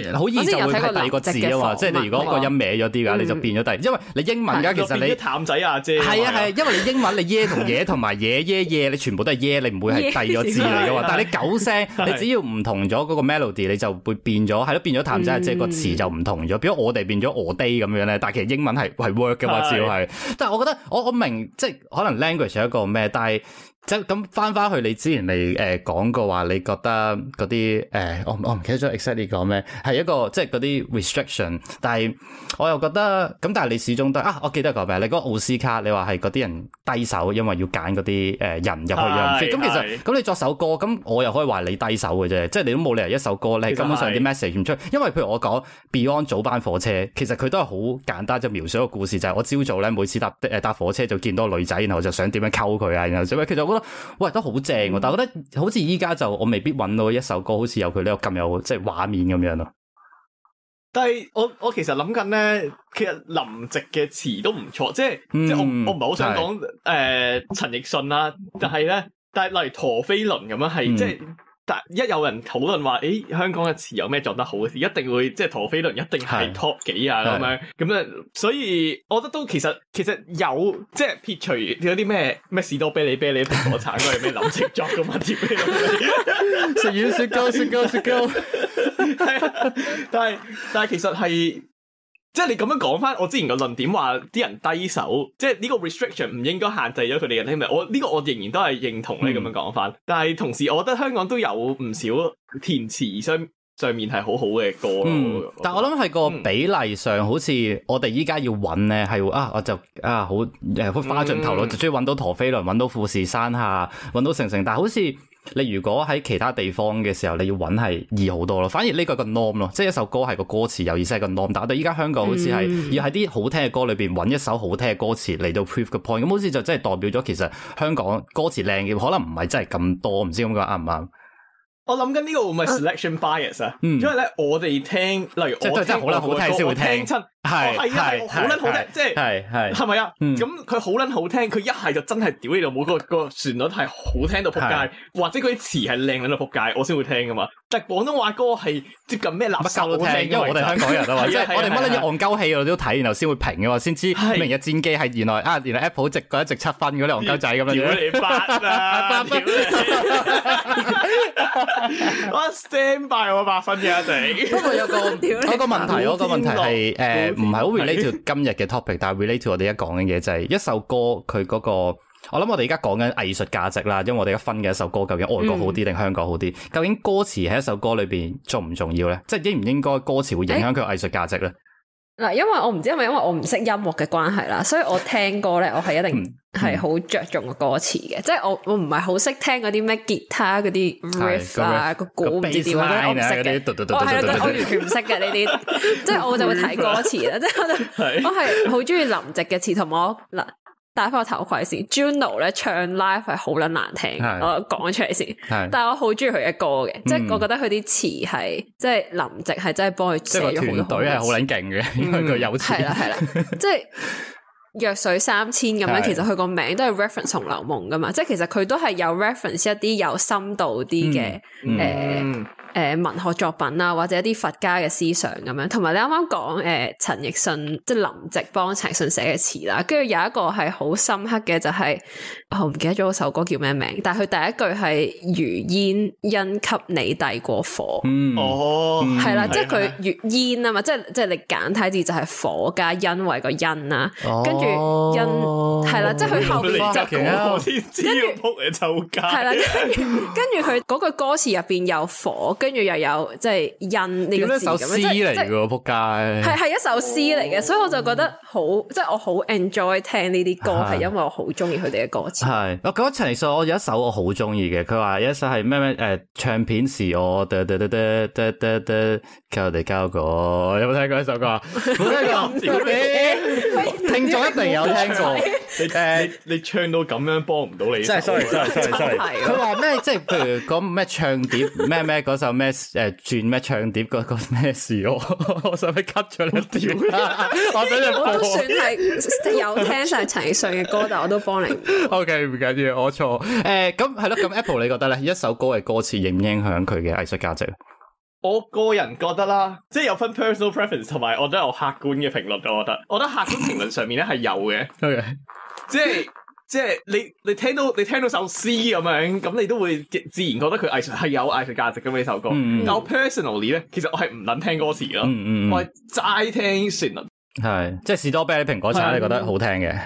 你好易就會第二個字啊嘛，即係你如果個音歪咗啲嘅話，你就變咗第二。因為你英文而家其實你譚仔阿姐係啊係，因為你英文你耶同耶同埋耶耶耶，你全部都係耶，你唔會係第二個字嚟嘅嘛。但係你九聲，你只要唔同咗嗰個 melody，你就會變咗係咯，變咗譚仔即係個詞就唔同咗。變咗我哋變咗我 day 咁樣咧，但係其實英文係 work 嘅嘛，主要係。但係我覺得我我明即係可能 language 係一個咩，但係。即係咁翻翻去你之前嚟誒講過話，你覺得嗰啲誒我我唔記得咗 exactly 你講咩？係一個即係嗰啲 restriction，但係我又覺得咁，但係你始終都啊，我記得個咩？你嗰個奧斯卡，你話係嗰啲人低手，因為要揀嗰啲誒人入去入面咁、哎、其實咁、哎、你作首歌，咁我又可以話你低手嘅啫，即係你都冇理由一首歌咧根本上啲 message 唔出，因為譬如我講 Beyond 早班火車，其實佢都係好簡單，就描述一個故事，就係我朝早咧每次搭誒搭火車就見到個女仔，然後就想點樣溝佢啊，然後喂，都好正、啊，但係我覺得好似依家就我未必揾到一首歌好，好似有佢呢個咁有即係畫面咁樣咯、啊。但係我我其實諗緊咧，其實林夕嘅詞都唔錯，即係即係我我唔係好想講誒陳奕迅啦、啊，但係咧，但係例如陀飛輪咁樣係即係。嗯即係但一有人討論話，誒、欸，香港嘅詞有咩作得好嘅，一定會即係陀飛輪，一定係 top 幾啊咁是樣，咁咧是，所以我覺得都其實其實有，即係撇除有啲咩咩士多啤梨啤梨蘋果橙嗰啲咩林夕作咁啊，食完雪糕雪糕雪糕，係啊， 但係但係其實係。即係你咁樣講翻，我之前個論點話啲人低手，即係呢個 restriction 唔應該限制咗佢哋嘅聽味。我、這、呢個我仍然都係認同你咁樣講翻。嗯、但係同時，我覺得香港都有唔少填詞上上面係好好嘅歌。嗯、但係我諗係個比例上，嗯、好似我哋依家要揾咧係啊，我就啊好誒，啊、花盡頭咯，嗯、就中意揾到陀飛輪，揾到富士山下，揾到成城，但係好似。你如果喺其他地方嘅時候，你要揾係易好多咯，反而呢個個 norm 咯，即係一首歌係個歌詞，尤其是係個 norm。但係我哋依家香港好似係、嗯、要喺啲好聽嘅歌裏邊揾一首好聽嘅歌詞嚟到 proof the point，咁好似就真係代表咗其實香港歌詞靚嘅可能唔係真係咁多，唔知咁講啱唔啱？我諗緊呢個會唔係 selection bias 啊，嗯、因為咧我哋聽例如我即對聽即係真係好喇好聽先會聽。係係係好撚好聽，即係係係係咪啊？咁佢好撚好聽，佢一係就真係屌你老母，個個旋律係好聽到仆街，或者佢啲詞係靚到仆街，我先會聽噶嘛。但係廣東話歌係接近咩垃圾都聽，因為我哋香港人啊嘛，即係我哋乜撚都戇鳩戲我都睇，然後先會評嘅，先知明日戰機係原來啊，原來 Apple 值一值七分嘅咧，戇鳩仔咁樣。如果你八分，我 stand by 我八分嘅一定。不過有個有個問題，有個問題係誒。唔係好 related 今日嘅 topic，但係 related 我哋而家講嘅嘢就係一首歌佢嗰個，我諗我哋而家講緊藝術價值啦，因為我哋而家分嘅一首歌究竟外國好啲定香港好啲？嗯、究竟歌詞喺一首歌裏邊重唔重要咧？即係應唔應該歌詞會影響佢藝術價值咧？欸嗱，因為我唔知係咪因為我唔識音樂嘅關係啦，所以我聽歌咧，我係一定係好着重個歌詞嘅，即係我我唔係好識聽嗰啲咩吉他嗰啲 riff 啊個鼓唔知點啊，我唔識嘅，我係我完全唔識嘅呢啲，即係我就會睇歌詞啦，即係我係我係好中意林夕嘅詞，同我嗱。戴返個頭盔先，Juno 咧唱 live 係好撚難聽，是的 我講出嚟先。是的 但係我好中意佢嘅歌嘅，嗯、即係我覺得佢啲詞係，即係林夕係真係幫佢寫咗好多,很多。團隊係好撚勁嘅，因為佢有係啦係啦，即係弱水三千咁樣。其實佢個名都係 reference《紅樓夢》噶嘛，即係其實佢都係有 reference 一啲有深度啲嘅誒。嗯嗯呃誒，文學作品啊，或者一啲佛家嘅思想咁樣，同埋你啱啱講誒，陳奕迅即係林夕幫陳奕迅寫嘅詞啦，跟住有一個係好深刻嘅，就係、是哦、我唔記得咗首歌叫咩名，但係佢第一句係如煙因給你遞過火，哦，係啦，即係佢如煙啊嘛，嗎即係即係你簡體字就係火加因為個因啦、哦，跟住因係啦，即係佢後邊嚟抽係啦，跟住跟住佢嗰句歌詞入邊有火。 跟住又有即係因呢個字咁樣，即係一首詩嚟噶。仆街！係，係一首詩嚟嘅，所以我就覺得好，即係我好 enjoy 聽呢啲歌，係因為我好中意佢哋嘅歌詞。係，我覺得陳奕迅我有一首我好中意嘅，佢話有一首係咩咩誒，唱片是我得得得得得得得交哋交過，有冇聽過呢首歌？冇聽過，聽咗一定有聽過，你誒、uh, 你，你，你唱到咁樣幫唔到你 真，真係真係 sorry 真係。佢話咩？即係譬如講咩唱碟咩咩嗰首咩誒轉咩唱碟嗰個咩事喎？我使唔使 cut 咗你一條啦？我都算係有聽，就係陳奕迅嘅歌，但我都幫你。OK，唔緊要，我錯誒咁係咯。咁、uh, Apple 你覺得咧？一首歌嘅歌詞影唔影響佢嘅藝術價值？我個人覺得啦，即係有分 personal preference 同埋，我都有客觀嘅評論。我覺得，我覺得客觀評論上面咧係有嘅 Okay.，即係即係你你聽到你聽到首詩咁樣，咁你都會自然覺得佢藝術係有藝術價值咁呢首歌。Mm hmm. 但我 personally 咧，其實我係唔撚聽歌詞咯，mm hmm. 我係齋聽旋律。係，即係士多啤梨蘋果茶，的你覺得好聽嘅？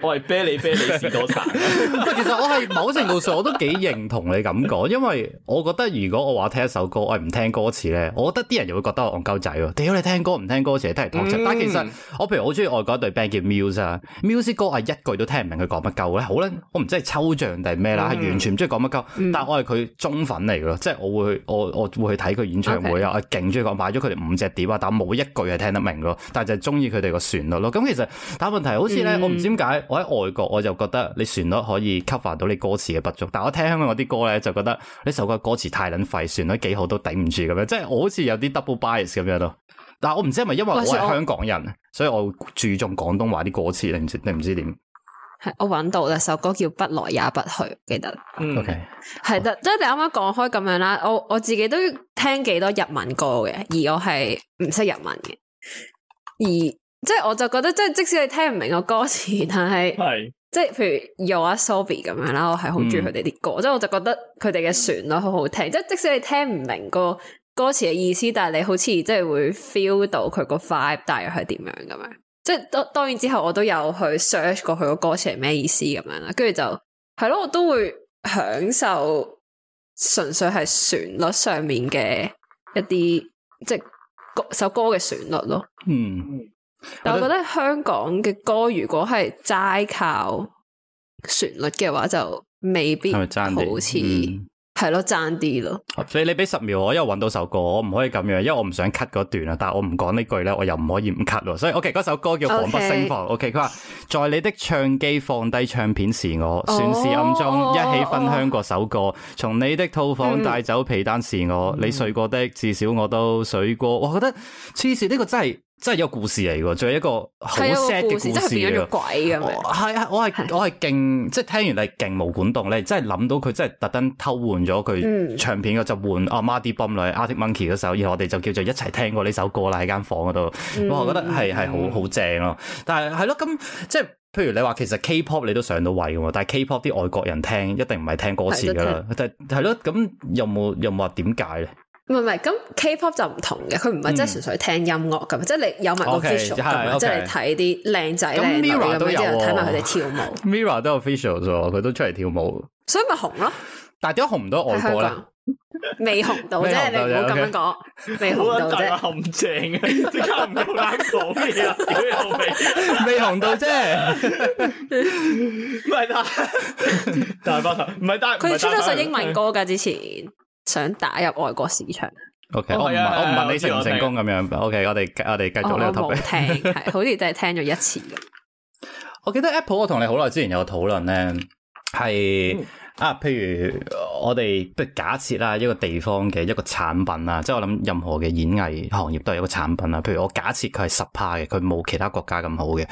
我係啤你啤你試多下，其實我係某程度上我都幾認同你咁講，因為我覺得如果我話聽一首歌，我係唔聽歌詞咧，我覺得啲人又會覺得我戇鳩仔喎，屌你聽歌唔聽歌詞，都嚟拖柒。但係其實我譬如我中意外國一對 band 叫 Muse 啊，Muse、嗯、歌係一句都聽唔明佢講乜鳩咧，好啦，我唔知係抽象定咩啦，係、嗯、完全唔中意講乜鳩。嗯、但係我係佢中粉嚟噶，即係我會我我,我會去睇佢演唱會啊，Okay. 我勁中意講買咗佢哋五隻碟啊，但係冇一句係聽得明咯，但係就中意佢哋個旋律咯。咁其實但係問題好似咧，嗯、我唔知點解。我喺外國我就覺得你旋律可以吸發到你歌詞嘅不足，但係我聽香港啲歌咧就覺得呢首歌歌詞太捻廢，旋律幾好都頂唔住咁樣，即係我好似有啲 double bias 咁樣咯。但係我唔知係咪因為我係香港人，我是我所以我注重廣東話啲歌詞，你唔知你唔知點。係我揾到啦，首歌叫《不來也不去》，記得。O Okay , K、嗯。係得。好即係你啱啱講開咁樣啦。我我自己都聽幾多日文歌嘅，而我係唔識日文嘅，而。即係我就覺得，即係、嗯、即使你聽唔明個歌詞，但係即係譬如 YOASOBI 咁樣啦，我係好中意佢哋啲歌，即係我就覺得佢哋嘅旋律好好聽。即係即使你聽唔明個歌詞嘅意思，但係你好似即係會 feel 到佢個 vibe 大約係點樣咁樣。即係當當然之後我都有去 search 過佢個歌詞係咩意思咁樣啦，跟住就係咯，我都會享受純粹係旋律上面嘅一啲即係首歌嘅旋律咯。嗯。但係我覺得香港嘅歌如果係齋靠旋律嘅話，就未必好似係咯，爭啲咯。所以你俾十秒我，因為我搵到首歌，我唔可以咁樣，因為我唔想 cut 嗰段啊。但我唔講呢句咧，我又唔可以唔 cut 咯。所以 OK，嗰首歌叫《防不勝防》。OK，佢話、OK，在你的唱機放低唱片是我，oh，算是暗中一起分享過首歌。從你的套房帶走被單是我，嗯、你睡過的至少我都睡過。我覺得黐線呢個真係～真係一個故事嚟噶，仲有一個好 set 嘅故事咯，鬼咁係啊，我係我係勁，即係聽完你勁人歇無管動咧，真係諗到佢真係特登偷換咗佢唱片嘅，就換阿 Marty Brown 嚟《Arctic Monkeys》嗰首，而我哋就叫做一齊聽過呢首歌啦喺間房嗰度。我覺得係係好好正咯，啊。但係係咯，咁即係譬如你話其實 K-pop 你都上到位噶嘛，但係 K-pop 啲外國人聽一定唔係聽歌詞噶啦。但係係咯，咁有冇有冇話點解咧？唔係咁 K-pop 就唔同嘅，佢唔係即係純粹聽音樂咁，即係你有埋個 visual 咁，即係你睇啲靚仔靚女咁，之後睇埋佢哋跳舞。Mirror 都有 visual 喎，佢都出嚟跳舞，所以咪紅咯。但係點解紅唔到外國咧？未紅到啫，你唔好咁樣講，未紅到啫。好核突，咁正啊！點解唔好啱講嘅？屌未紅到啫。唔係大，大唔係大。佢出咗首英文歌噶，之前。想打入外國市場。OK，我唔我唔問你成唔成功咁樣。OK，我哋我哋、okay, 繼續呢、oh, 個 topic。聽，係 好似真係聽咗一次。 我記得 Apple，我同你好耐之前有討論咧，係。嗯啊，譬如我哋，譬如假設啦，一個地方嘅一個產品啊，即係我諗任何嘅演藝行業都係一個產品啊。譬如我假設佢係十趴嘅，佢冇其他國家咁好嘅，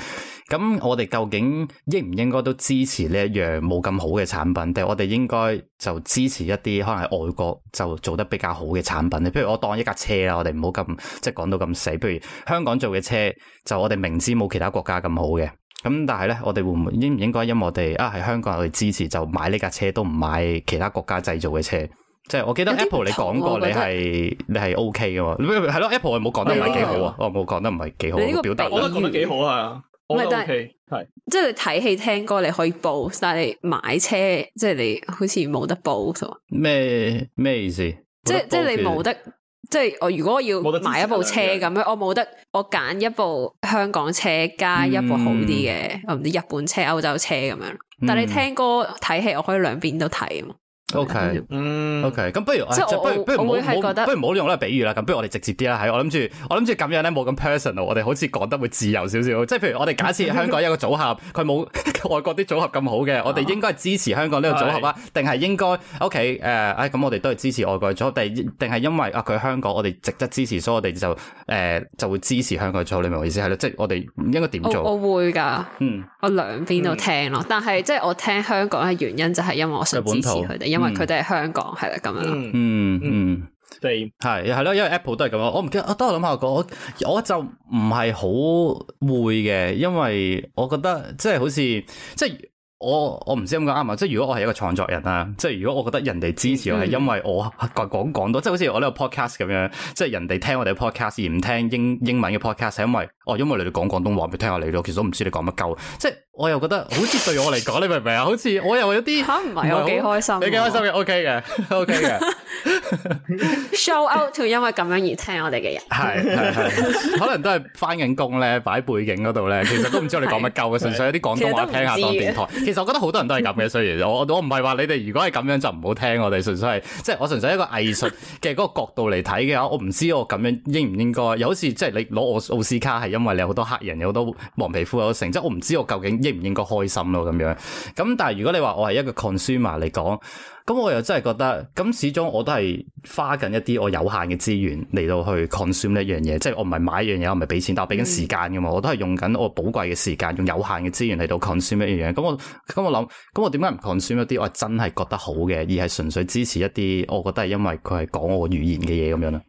咁我哋究竟應唔應該都支持呢一樣冇咁好嘅產品？定我哋應該就支持一啲可能喺外國就做得比較好嘅產品咧？譬如我當一架車啦，我哋唔好咁即係講到咁死。譬如香港做嘅車，就我哋明知冇其他國家咁好嘅。咁、嗯、但係咧，我哋會唔會應唔應該因我哋啊係香港去支持就買呢架車都唔買其他國家製造嘅車？即係我記得 Apple 你講過你係你係 OK 噶嘛？係 咯，Apple 我冇講得唔係幾好啊，啊我冇講得唔係幾好。表達、啊，我覺得講得幾好啊，唔係但係，係即係你睇戲聽歌你可以報，但係買車即係、就是、你好似冇得報咩咩意思？即係其實 即係你冇得。即係我如果我要買一部車咁樣，我冇得我揀一部香港車加一部好啲嘅，唔、嗯、知日本車、歐洲車咁樣。但係你聽歌睇戲，我可以兩邊都睇啊嘛。O K，嗯，O K，咁不如即係我，我我會係覺得，不如唔好用呢個比喻啦，咁不如我哋直接啲啦，係我諗住，我諗住咁樣咧，冇咁 personal 我哋好似講得會自由少少，即係譬如我哋假設香港一個組合，佢冇外國啲組合咁好嘅，我哋應該係支持香港呢個組合啊？定係應該 O K？誒，咁我哋都係支持外國組合，定係因為啊佢香港我哋值得支持，所以我哋就誒就會支持香港組，你明我意思係咧？即係我哋應該點做？我會噶，嗯，我兩邊都聽咯，但係即係我聽香港嘅原因就係因為我想支持佢哋。因為佢哋係香港，係啦咁樣。嗯嗯，所以係係咯，因為 Apple 都係咁樣。我唔，我都係諗下嗰，我就唔係好會嘅，因為我覺得即係好似，即係我我唔知點講啱啊！即係如果我係一個創作人啊，即係如果我覺得人哋支持我係因為我講講廣即係好似我呢個 podcast 咁樣，即係人哋聽我哋嘅 podcast 而唔聽英英文嘅 podcast，係因為哦，因為你哋講廣東話，咪聽下你咯。其實我唔知你講乜鳩，即係。我又覺得好似對我嚟講，你明唔明啊？好似我又有啲嚇唔係，我幾開心，你幾開心嘅 OK 嘅，OK 嘅。Show out to 因為咁樣而聽我哋嘅人，係可能都係翻緊工咧，擺喺背景嗰度咧，其實都唔知我哋講乜鳩嘅，純粹有啲廣東話聽下當電台。其實我覺得好多人都係咁嘅，雖然我我唔係話你哋如果係咁樣就唔好聽我哋，純粹係即係我純粹一個藝術嘅嗰個角度嚟睇嘅話，我唔知我咁樣應唔應該。有好似即係你攞我奧斯卡係因為你好多黑人，有好多黃皮膚，有成，即我唔知我究竟。應唔應該開心咯？咁樣咁，但係如果你話我係一個 consumer 嚟講，咁我又真係覺得，咁始終我都係花緊一啲我有限嘅資源嚟到去 consume 一樣嘢，即係我唔係買一樣嘢，我唔係俾錢，但我俾緊時間噶嘛，我都係用緊我寶貴嘅時間，用有限嘅資源嚟到 consume 一樣嘢。咁我咁我諗，咁我點解唔 consume 一啲我真係覺得好嘅，而係純粹支持一啲我覺得係因為佢係講我語言嘅嘢咁樣咧？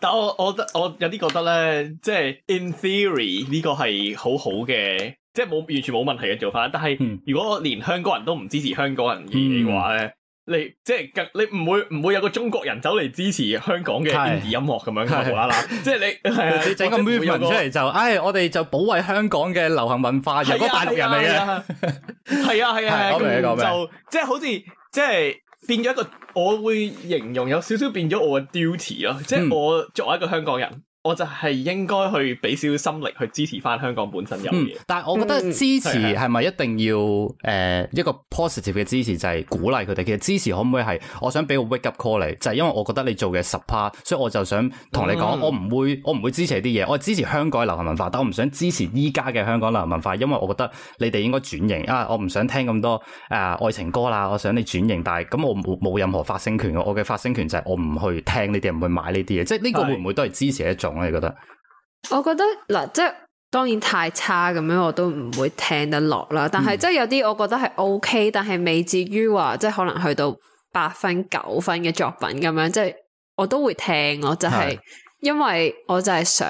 但我我覺得我有啲覺得咧，即係 in theory 呢個係好好嘅。即係冇完全冇問題嘅做法，但係如果連香港人都唔支持香港人嘅話咧，你即係更你唔會唔會有個中國人走嚟支持香港嘅電子音樂咁樣嘅無啦啦，即係你你整個 movement 出嚟就，唉，我哋就保衛香港嘅流行文化，又係個大陸人嚟嘅，係啊係啊，就即係好似即係變咗一個，我會形容有少少變咗我嘅 duty 咯，即係我作為一個香港人。我就係應該去俾少少心力去支持翻香港本身有嘅嘢，嗯，但係我覺得支持係咪一定要誒、呃、一個 positive 嘅支持就係、是、鼓勵佢哋？其實支持可唔可以係我想俾個 wake up call 你？就係、是、因為我覺得你做嘅十 part，所以我就想同你講、嗯，我唔會我唔會支持啲嘢。我支持香港流行文化，但我唔想支持依家嘅香港流行文化，因為我覺得你哋應該轉型啊！我唔想聽咁多誒、呃、愛情歌啦，我想你轉型，但係咁我冇冇任何發聲權，我嘅發聲權就係我唔去聽，你哋唔會買呢啲嘢，即係呢個會唔會都係支持一種？我係覺得，我覺得嗱，即係當然太差咁樣，我都唔會聽得落啦。但係即係有啲，我覺得係 OK，但係未至於話、啊、即係可能去到八分九分嘅作品咁樣，即係我都會聽咯。我就係、是、是的 因為我就係想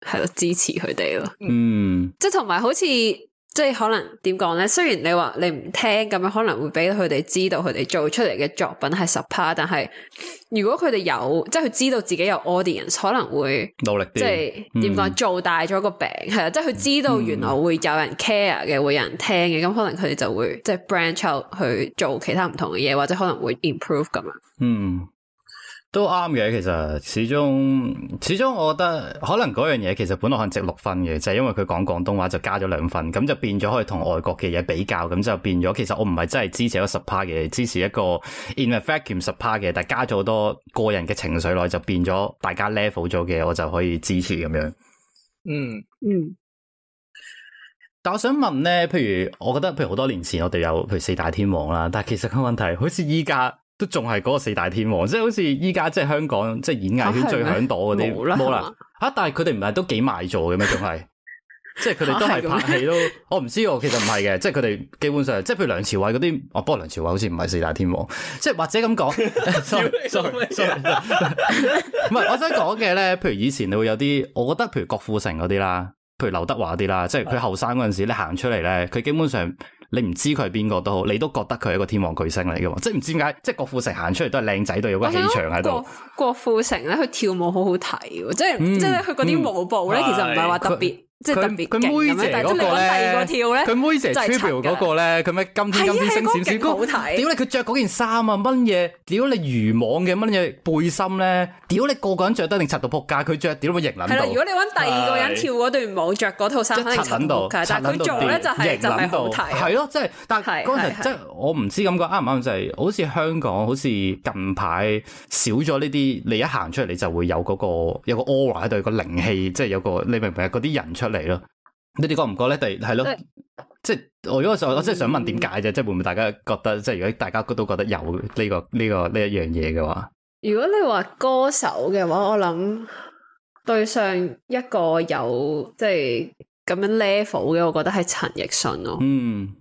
係咯支持佢哋咯。嗯即，即係同埋好似。即係可能點講咧？雖然你話你唔聽咁樣，可能會俾佢哋知道佢哋做出嚟嘅作品係十趴，但係如果佢哋有即係佢知道自己有 audience，可能會努力啲。即係點講？嗯、做大咗個餅，係啊！即係佢知道原來會有人 care 嘅，嗯、會有人聽嘅，咁可能佢哋就會即係 branch out 去做其他唔同嘅嘢，或者可能會 improve 咁樣。嗯。都啱嘅，其實始終始終，我覺得可能嗰樣嘢其實本來可能值六分嘅，就係因為佢講廣東話就加咗兩分，咁就變咗可以同外國嘅嘢比較，咁就變咗。其實我唔係真係支持一個十 part 嘅，支持一個 in a vacuum 十 part 嘅，但加咗好多個人嘅情緒內就變咗，大家 level 咗嘅，我就可以支持咁樣。嗯嗯。嗯但我想問咧，譬如我覺得，譬如好多年前我哋有譬如四大天王啦，但係其實個問題好，好似依家。都仲係嗰個四大天王，即係好似依家即係香港即係演藝圈最響朵嗰啲，冇啦吓！了但係佢哋唔係都幾賣座嘅咩？仲係，即係佢哋都係拍戲都。我唔、 哦、知哦，其實唔係嘅， 即係佢哋基本上，即係譬如梁朝偉嗰啲，哦，不過梁朝偉好似唔係四大天王，即係或者咁講。Sorry，sorry，唔係，我想講嘅咧，譬如以前你會有啲，我覺得譬如郭富城嗰啲啦，譬如劉德華啲啦，即係佢後生嗰陣時咧行出嚟咧，佢基本上。你唔知佢係邊個都好，你都覺得佢係一個天王巨星嚟嘅，即係唔知點解，即係郭富城行出嚟都係靚仔，都有個氣場喺度。郭富城咧，佢跳舞好好睇，即係、嗯、即係佢嗰啲舞步咧，嗯、其實唔係話特別。即係佢佢梅姐嗰個咧，佢梅姐第二個跳嗰個咧，佢咩？今天今天升少少，好睇。屌你，佢着嗰件衫啊，乜嘢？屌你，漁網嘅乜嘢背心咧？屌你，個個人着得，定柒到仆街？佢着屌咪逆諗到。係啦，如果你搵第二個人跳嗰段舞，着嗰套衫，係柒到仆街，但係佢做咧就係就係好睇。係咯，即係，但係嗰陣即係我唔知咁講啱唔啱，就係好似香港，好似近排少咗呢啲，你一行出嚟，你就會有嗰個有個 aura 喺度，個靈氣，即係有個你明唔明？嗰啲人出嚟咯，你哋覺唔覺咧？第係咯，即係我如果想，我真係想問點解啫？即係會唔會大家覺得，即係如果大家都都覺得有呢、呢個呢、呢個呢一、呢個、樣嘢嘅話？如果你話歌手嘅話，我諗對上一個有即係咁樣 level 嘅，我覺得係陳奕迅咯、嗯。嗯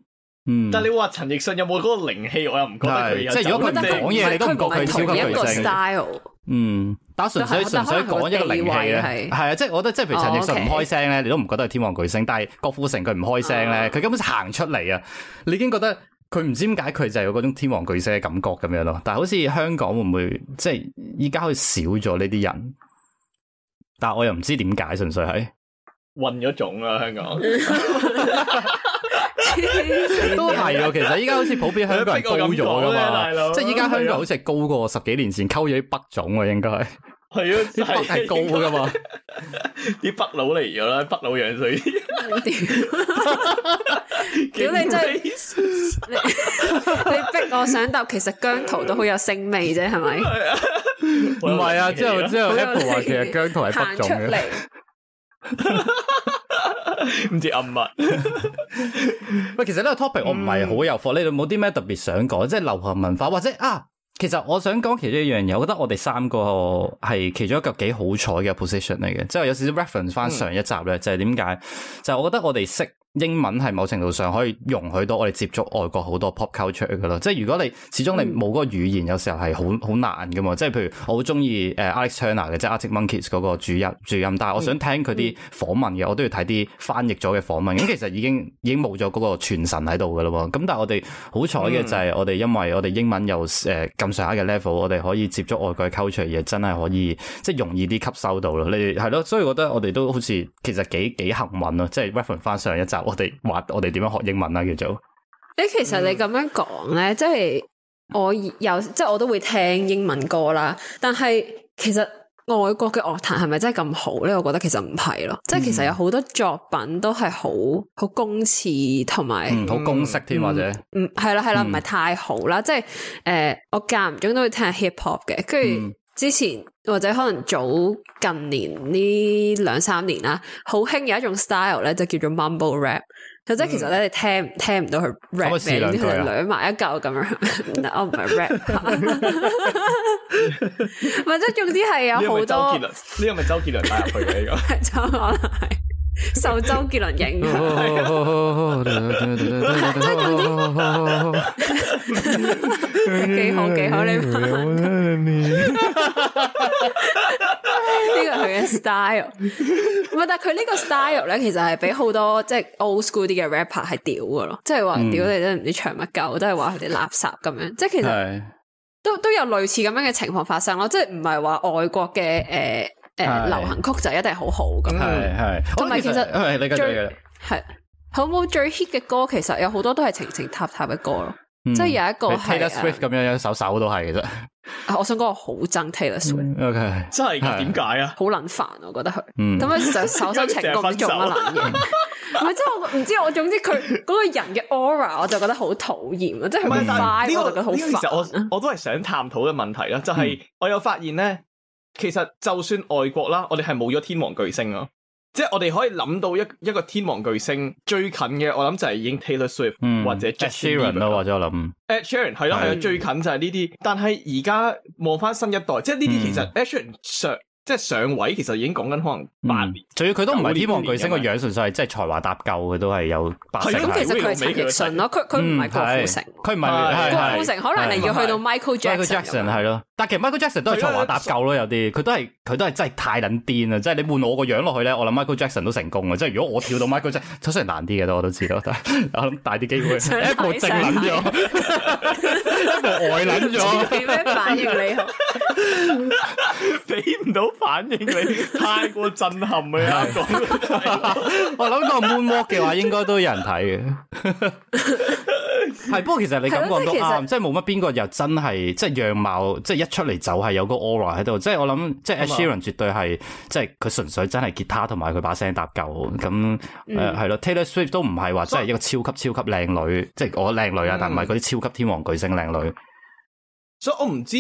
嗯，但係你話陳奕迅有冇嗰個靈氣，我又唔覺得佢對。即係如果佢講嘢，你都唔係同一個 style。嗯嗯，打純粹純是粹講一個靈氣咧，係啊，即係我覺得即係，譬如陳奕迅唔開聲咧，你都唔覺得係天王巨星，但係郭富城佢唔開聲咧，佢、uh. 根本行出嚟啊，你已經覺得佢唔知點解佢就係有嗰種天王巨星嘅感覺咁樣咯。但係好似香港會唔會即係依家好似少咗呢啲人？但係我又唔知點解，純粹係混咗種啊，香港。 都係啊，其實依家好似普遍香港人高咗噶嘛，即係依家香港人好似係高過我十幾年前，溝咗啲北種啊，應該係啊，係 高噶嘛，啲 北佬嚟咗啦，北佬樣衰，屌 你真、就、係、是、 你逼 我想答，其實姜濤都好有性味啫，係咪？唔係 啊，之後 之後 Apple 話其實姜濤係北種嘅。 唔知暗物喂， 其實呢個 topic 我唔係好有貨，你哋冇啲咩特別想講，即係流行文化，或者啊，其實我想講其中一樣嘢，我覺得我哋三個係其中一嚿幾好彩嘅 position 嚟嘅，即係有少少 reference 翻上一集咧，嗯，就係點解？就係我覺得我哋識。英文係某程度上可以容許到我哋接觸外國好多 pop culture 嘅咯，即係如果你始終你冇嗰個語言，嗯、有時候係好好難噶嘛。即係譬如我好中意誒 Alex Turner 嘅，即係 Arctic Monkeys 嗰個主音主音，但係我想聽佢啲訪問嘅，我都要睇啲翻譯咗嘅訪問。咁其實已經已經冇咗嗰個傳神喺度噶咯。咁但係我哋好彩嘅就係我哋因為我哋英文又誒咁上下嘅 level，我哋可以接觸外國嘅 culture 嘢，真係可以即係容易啲吸收到咯。你係咯，所以我覺得我哋都好似其實幾幾幸運咯。即係 reference 翻上一集。我哋話我哋點樣學英文啦、啊，叫做誒，其實你咁樣講咧，嗯、即係我有，即係我都會聽英文歌啦。但係其實外國嘅樂壇係咪真係咁好咧？我覺得其實唔係咯，嗯、即係其實有好多作品都係好好公廁，同埋好公式添，或者嗯係啦係啦，唔、嗯、係太好啦。嗯、即係誒、呃，我間唔中都會聽 Hip Hop 嘅，跟住。之前或者可能早近年呢兩三年啦，好興有一種 style 咧，就叫做 mumble rap，佢、嗯、即係其實咧你聽聽唔到佢 rap 名、嗯，佢唥埋一嚿咁樣，嗯、 我唔係 rap，或者總之係有好多。呢個咪周杰倫帶入去嘅呢個，就可能係。受周杰倫影響，即幾 好幾好，你呢 個佢嘅 style？唔係，但係佢呢個 style 咧，其實係俾好多即係 old school 啲嘅 rapper 係屌㗎咯，即係話屌你都唔知長乜鳩，都係話佢哋垃圾咁樣。即係其實都都有類似咁樣嘅情況發生咯，即係唔係話外國嘅誒。呃誒，流行曲就一定係好好咁，係係，同埋其實係，好冇最 hit 嘅歌，其實有好多都係情情塔塔嘅歌咯，即係有一個係 Taylor Swift 咁樣，一首首都係其實，我想講我好憎 Taylor Swift，OK，真係噶，點解啊？好撚煩，我覺得佢，咁樣首首情歌做乜啦？唔係，即係我唔知，我總之佢嗰個人嘅 aura，我就覺得好討厭，即係佢快，我就覺得好煩。我我都係想探討嘅問題啦，就係我有發現咧。其實就算外國啦，我哋係冇咗天王巨星囉，即係我哋可以諗到一一個天王巨星最近嘅，我諗就係已經 Taylor Swift 或者 Ed Sheeran 咯，嗯，或者我諗。Ed Sheeran 係咯係咯，最近就係呢啲，但係而家望翻新一代，即係呢啲其實 Ed Sheeran 上。嗯即係上位，其實已經講緊可能萬年，仲要佢都唔係天王巨星個樣，純粹係即係才華搭救佢都係有八成。係咯，其實佢陳奕迅咯，佢佢唔係郭富城，佢唔係郭富城，可能你要去到 Michael Jackson。係咯，但其實 Michael Jackson 都係才華搭救咯，有啲佢都係佢都係真係太捻癲啦！即係你換我個樣落去咧，我諗 Michael Jackson 都成功嘅。即係如果我跳到 Michael Jackson，雖然難啲嘅，我都知道，我諗大啲機會一個靜捻咗，一個外捻咗。點咩反應你？俾唔到？反應你太過震撼啊！過過 我諗個 Moonwalk 嘅話，應該都有人睇嘅。 係不過其實你感覺都啱其實、啊，即係冇乜邊個又真係即係樣貌，即係一出嚟就係有個 aura 喺度。即係我諗，即係、嗯、即 Ed Sheeran 絕對係，即係佢純粹真係吉他同埋佢把聲搭夠。咁誒係咯，Taylor Swift 都唔係話真係一個超級超級靚女、嗯、女，即係我靚女啊，但唔係嗰啲超級天王巨星靚女，女。所以、so, 我唔知，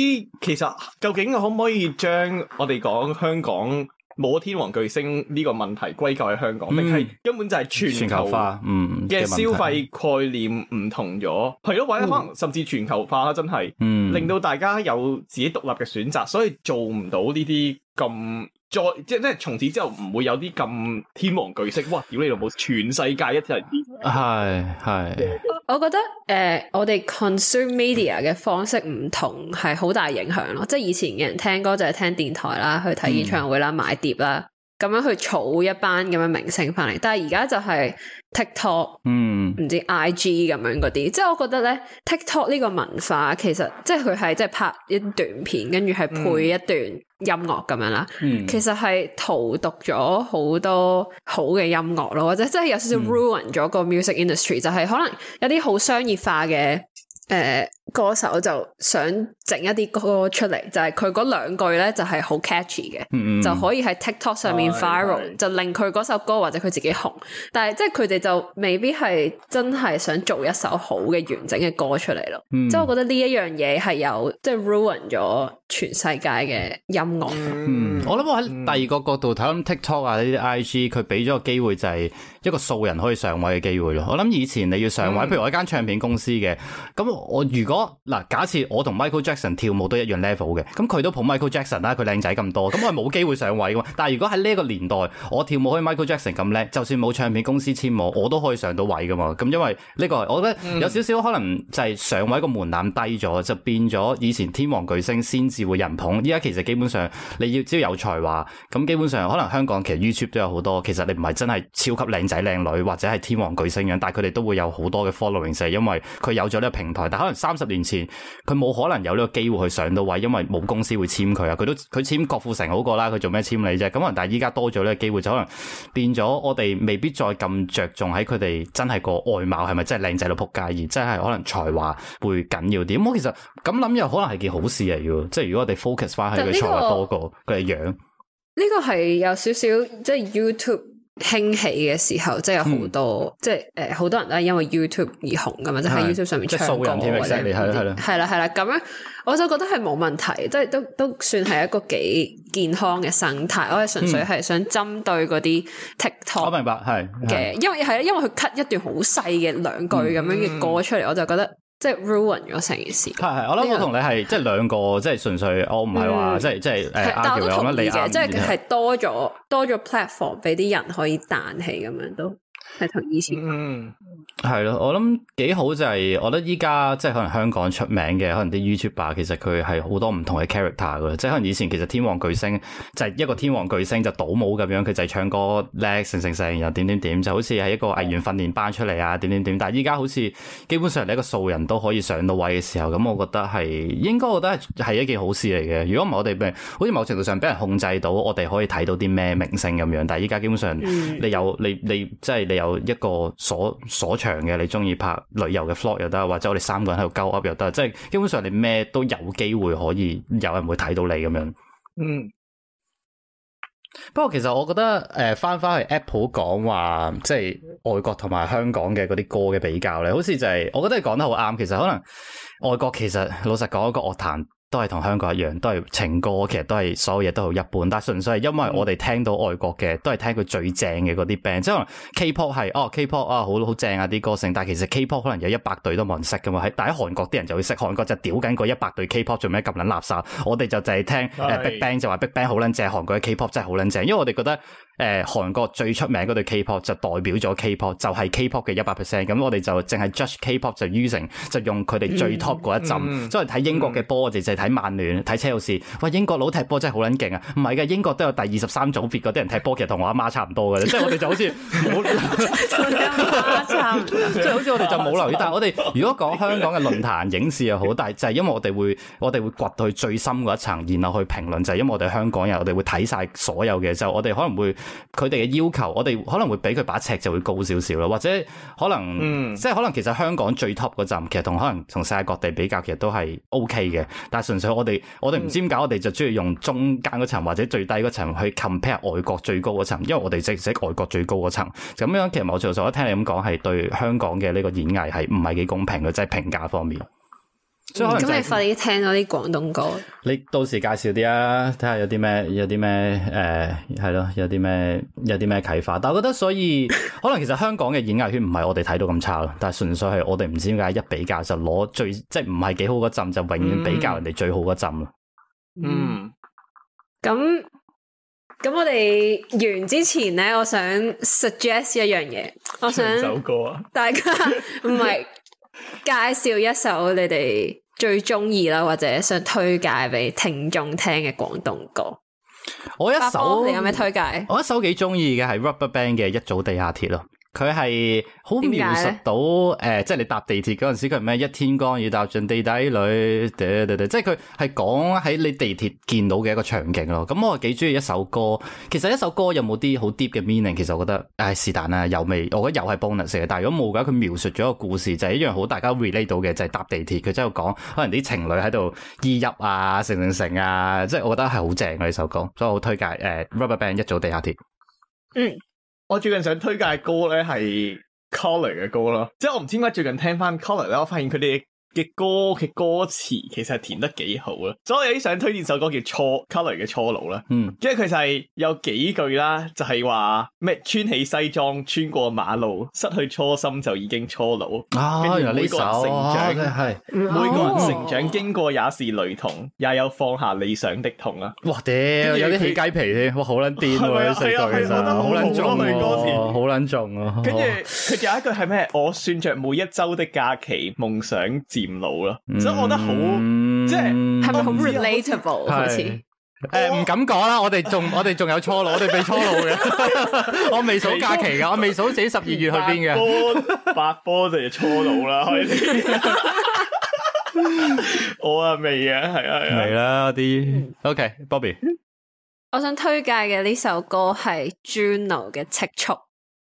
其實究竟可唔可以將我哋講香港冇天王巨星呢個問題歸咎喺香港，定係、嗯、根本就係全、嗯、全球化嘅消費概念唔同咗，係咯。或者可能甚至全球化真係、嗯、令到大家有自己獨立嘅選擇，所以做唔到呢啲咁。再即係咧，從此之後唔會有啲咁天王巨星，哇！屌你老母，全世界一齊變。係係，我覺得誒、呃，我哋 consume media 嘅方式唔同係好大影響咯。即係以前嘅人聽歌就係聽電台啦，去睇演唱會啦，買碟啦。嗯咁樣去儲一班咁樣明星翻嚟，但係而家就係 TikTok，嗯，唔知 IG 咁樣嗰啲，即係我覺得咧，TikTok 呢個文化其實即係佢係即係拍一段片，跟住係配一段音樂咁樣啦。Mm. 其實係荼毒咗好多好嘅音樂咯，或者即係有少少 ruin 咗個 music industry，Mm. 就係可能有啲好商業化嘅誒。呃歌手就想整一啲歌出嚟，就係佢嗰兩句咧就係、是、好 catchy 嘅，mm hmm. 就可以喺 TikTok 上面 viral、mm hmm. 就令佢首歌或者佢自己紅。但係即係佢哋就未必係真係想做一首好嘅完整嘅歌出嚟咯。即係、mm hmm. 我覺得呢一樣嘢係有即係、就是、ruin 咗全世界嘅音樂。嗯，我諗我喺第二個角度睇，咁 TikTok 啊呢啲 IG 佢俾咗個機會就係一個素人可以上位嘅機會咯。我諗以前你要上位，mm hmm. 譬如我一間唱片公司嘅，咁我如果嗱，oh, 假設我同 Michael Jackson 跳舞都一樣 level 嘅，咁佢都捧 Michael Jackson 啦，佢靚仔咁多，咁我冇機會上位噶嘛？但係如果喺呢個年代，我跳舞可以 Michael Jackson 咁叻，就算冇唱片公司簽我，我都可以上到位噶嘛？咁因為呢個我覺得有少少可能就係上位個門檻低咗，嗯、就變咗以前天王巨星先至會人捧，依家其實基本上你要只要有才華，咁基本上可能香港其實 YouTube 都有好多，其實你唔係真係超級靚仔靚女或者係天王巨星樣，但係佢哋都會有好多嘅 following，係因為佢有咗呢個平台，但可能三十年前佢冇可能有呢個機會去上到位，因為冇公司會簽佢啊。佢都佢簽郭富城好過啦。佢做咩簽你啫？咁可但係依家多咗呢個機會，就可能變咗我哋未必再咁着重喺佢哋真係個外貌係咪真係靚仔到仆街，而真係可能才華會緊要啲。咁我其實咁諗又可能係件好事嚟噶，即係如果我哋 focus 翻喺佢才華多過佢嘅樣，呢個係有少少即係 YouTube。興起嘅時候，即係有好多，嗯、即係誒，好、呃、好多人都係因為 YouTube 而紅噶嘛，即係喺的 YouTube 上面唱歌嗰啲。係啦，係啦，咁樣我就覺得係冇問題，即係都都算係一個幾健康嘅生態。我係純粹係想針對嗰啲 TikTok，我明白係嘅，因為係咧，因為佢 cut 一段好細嘅兩句咁樣嘅歌出嚟，我就覺得。即係 ruin 咗成件事。係 係，我諗我同你係是即係兩個，即係純粹，嗯、是我唔係話即係是、嗯、即係誒啱條咁樣，即係係多咗多咗 platform 俾啲人可以彈起咁樣都。係同以前，嗯，係咯，我諗幾好就係、是，我覺得依家即係可能香港出名嘅，可能啲 YouTuber 其實佢係好多唔同嘅 character 噶，即係可能以前其實天王巨星就係一個天王巨星就倒舞咁樣，佢就係唱歌叻成成成又點點點，就好似係一個藝員訓練班出嚟啊點點點。但係依家好似基本上你一個素人都可以上到位嘅時候，咁我覺得係應該，我覺得係一件好事嚟嘅。如果唔係我哋，好似某程度上俾人控制到，我哋可以睇到啲咩明星咁樣。但係依家基本上你有你你即係你。你你就是你有一個所所長嘅，你中意拍旅遊嘅 vlog 又得，或者我哋三個人喺度交 up 又得，即係基本上你咩都有機會可以有人會睇到你咁樣。嗯，不過其實我覺得，誒、呃，翻翻去 Apple 講話，即係外國同埋香港嘅嗰啲歌嘅比較咧，好似就係我覺得係講得好啱。其實可能外國其實老實講，一、那個樂壇。都係同香港一樣，都係情歌，其實都係所有嘢都好一般，但係純粹係因為我哋聽到外國嘅，嗯、都係聽佢最正嘅嗰啲 band，即係 K-pop 係哦，K-pop、哦、啊，好好正啊啲歌星，但係其實 K-pop 可能有一百隊都冇人識噶嘛，喺但係喺韓國啲人就會識，韓國就屌緊個一百隊 K-pop 做咩咁撚垃圾，我哋就就係聽對、啊、BigBang 就話 BigBang 好撚正，韓國嘅 K-pop 真係好撚正，因為我哋覺得。誒、呃，韓國最出名嗰對 K-pop 就代表咗 K-pop，就係 K-pop 嘅一百 percent。咁我哋就淨係 judge K-pop 就 using 就用佢哋最 top 嗰一陣。即係睇英國嘅波，我哋、嗯、淨係睇曼聯、睇車路士。喂，英國佬踢波真係好撚勁啊！唔係嘅，英國都有第二十三組別嗰啲人踢波，其實同我阿媽差唔多嘅。即、就、係、是、我哋就好似冇，我阿媽差，好似我哋就冇留意。但係我哋如果講香港嘅論壇、影視又好，但係就係、是、因為我哋會我哋會掘到去最深嗰一層，然後去評論，就係、是、因為我哋香港人，我哋會睇晒所有嘅，就我哋可能會。佢哋嘅要求，我哋可能會俾佢把尺就會高少少咯，或者可能，嗯、即係可能其實香港最 top 嗰層，其實同可能從世界各地比較，其實都係 OK 嘅。但係純粹我哋，我哋唔知點解，我哋就中意用中間嗰層或者最低嗰層去 compare 外國最高嗰層，因為我哋只識外國最高嗰層。咁樣其實我做實一聽你咁講，係對香港嘅呢個演藝係唔係幾公平嘅，即係評價方面。咁、就是，嗯、你快啲聽到啲廣東歌。你到時介紹啲啊，睇下有啲咩，有啲咩，誒、呃，係咯，有啲咩，有啲咩啟發。但係我覺得，所以可能其實香港嘅演藝圈唔係我哋睇到咁差咯， 但係純粹係我哋唔知點解一比較就攞最，即係唔係幾好嗰陣就永遠比較人哋最好嗰陣咯。嗯。咁咁、嗯，我哋完之前咧，我想 suggest 一樣嘢，我想大家唔係。 是 介紹一首你哋最中意啦，或者想推介俾聽眾聽嘅廣東歌。我一首，爸爸，你有咩推介？我一首幾中意嘅係 Rubber Band 嘅《一早地下鐵》咯。佢係好描述到誒、呃，即係你搭地鐵嗰陣時，佢係咩一天光要搭進地底裏，呃呃呃呃即係佢係講喺你地鐵見到嘅一個場景咯。咁、嗯、我係幾中意一首歌，其實一首歌有冇啲好 deep 嘅 meaning，其實我覺得誒是但啦，又未，我覺得又係 bonus 嘅。但係如果冇嘅話，佢描述咗一個故事，就係、是、一樣好大家 relate 到嘅，就係、是、搭地鐵，佢真係講可能啲情侶喺度意入啊，成成成，成啊，即係我覺得係好正嘅呢首歌，所以我推介誒、呃呃、RubberBand 一早地下鐵。嗯。我最近想推介嘅歌咧，係 Collar 嘅歌咯，即係我唔知點解最近聽翻 Collar 咧，我發現佢哋。嘅歌嘅歌詞其實係填得幾好啊，所以我有啲想推薦首歌叫《初 Color》嘅《初老》啦。嗯，即係佢就係有幾句啦，就係話咩穿起西裝穿過馬路，失去初心就已經初老。啊，原來呢首啊，係每個人成長經過也是雷同，也有放下理想的痛啊。哇，屌有啲起雞皮添。哇，好捻掂喎！呢四句嘅時候好捻重哦，好捻重啊。跟住佢有一句係咩？我算着每一周的假期，夢想唔老啦，嗯、所以我覺得好像，即係係咪好 relatable？好似誒，唔、呃、我唔敢講啦，我哋仲我哋仲有初老，我哋未初老嘅， 我未數假期噶，中我未數自己十二月去邊嘅，八科就初老啦，開始。我啊未啊，係啊係啊，係啦啲。OK，Bobby，我想推介嘅呢首歌係 Juno 嘅《極速》。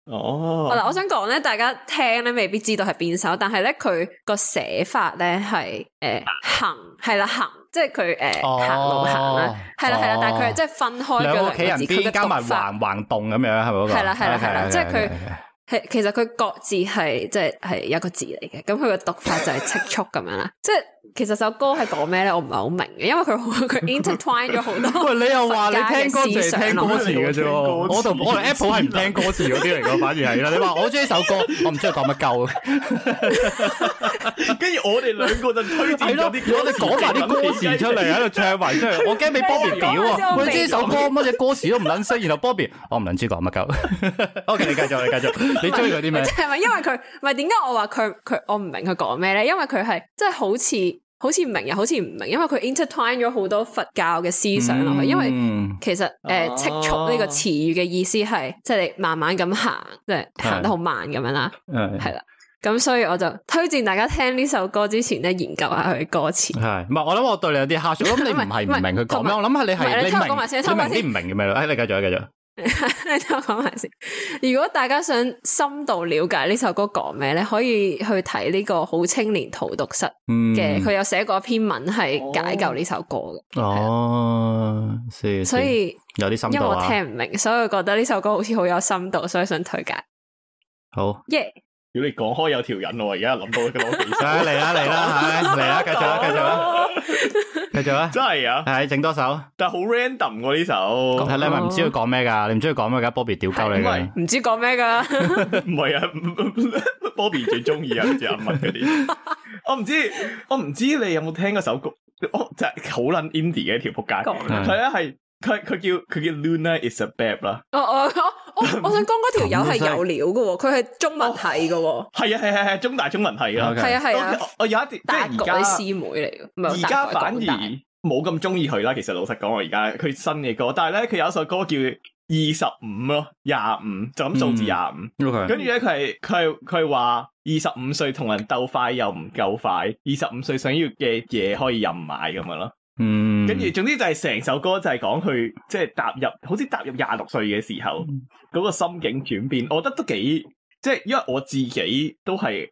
哦，嗱，oh, Okay, 我想講咧，大家聽咧未必知道係邊首，但係咧佢個寫法咧係誒行，係啦行，即係佢誒行路行啦，係啦係啦，oh, 但係佢係即係分開咗兩個字，佢嘅讀法加埋橫橫動咁樣係咪？係啦係啦係啦，即係佢係其實佢各自係即係係一個字嚟嘅，咁佢嘅讀法就係赤促咁樣啦，即係。其實首歌係講咩咧？我唔係好明嘅，因為佢佢 intertwine 咗好多。喂，你又話你聽歌就係聽歌詞嘅啫。我同我 Apple 係唔聽歌詞嗰啲嚟噶，反而係啦。你話我中意呢首歌，我唔知佢講乜鳩。跟住我哋兩個就推薦咗啲，我哋講埋啲歌詞出嚟喺度唱埋出嚟。我驚俾 Bobby 屌啊！我中意首歌，乜嘢歌詞都唔捻識，然後 Bobby 我唔捻知講乜鳩。O K，你繼續，你繼續。你中意啲咩？係咪因為佢？咪點解我話佢佢？我唔明佢講咩咧？因為佢係即係好似。好似唔明又好似唔明，因為佢 intertwine 咗好多佛教嘅思想落去。嗯、因為其實誒，積速呢個詞語嘅意思係，即係你慢慢咁行，即係行得好慢咁樣啦。係啦的，咁的所以我就推薦大家聽呢首歌之前咧，研究下佢嘅歌詞。係，唔係我諗我對你有啲下注，咁你唔係唔明佢講咩？我諗係你係你明，我你明，明、哎，你明啲唔明嘅咩咧？誒，你繼續，繼續。你聽我講埋先。如果大家想深度了解呢首歌講咩咧，可以去睇呢個《好青年荼毒室》嘅，佢有寫過篇文係解救呢首歌嘅。哦，所以有啲深度。因為我聽唔明，所以我覺得呢首歌好似好有深度，所以想推介。好耶！如果你講開有條引，我而家諗到幾多嘢。嚟啦嚟啦吓，嚟啦，繼續啦繼續啦。繼續啊！真係啊，係整多首，但係好 random 呀呢首，你咪唔知佢講咩噶？你唔中意講咩噶？Bobby 屌鳩你咪，唔知講咩噶？唔係啊，Bobby 最中意啊，好似阿文嗰啲，我唔知，我唔知你有冇聽過首歌，就係好撚 indie 嘅一條仆街，佢咧係佢佢叫佢叫 Luna is a babe 啦。哦、我想講嗰條友係有料嘅，佢係中文系嘅，係、哦、啊係係係中大中文系啦，係啊係啊，我有一條即係而家啲師妹嚟嘅，而家反而冇咁中意佢啦。其實老實講，我而家佢新嘅歌，但係咧佢有一首歌叫二十五咯，廿五就咁數字廿五，跟住咧佢係佢係佢係話二十五歲同人鬥快又唔夠快，二十五歲想要嘅嘢可以任買咁樣啦。嗯，跟住，總之就係成首歌就係講佢，即、就、係、是、踏入，好似踏入廿六歲嘅時候，嗰、嗯、個心境轉變，我覺得都幾，即係因為我自己都係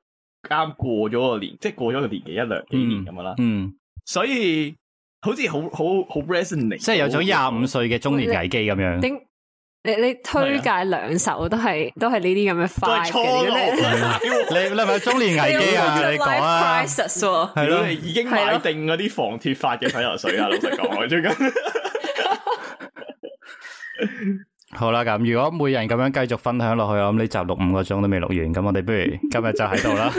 啱過咗個年，即係過咗個年紀一兩幾年咁啦、嗯，嗯，所以好似好好好 resonate，即係有種廿五歲嘅中年危機咁樣。你你推介兩首都係都係呢啲咁嘅快嘅，你你係咪中年危機啊？要你講啊，係咯， 已經買定嗰啲防脫髮嘅洗頭水啊！ 老實講，我最近。好啦，咁如果每人咁樣繼續分享落去，我諗呢集錄五個鐘都未錄完，咁我哋不如今日就喺度啦。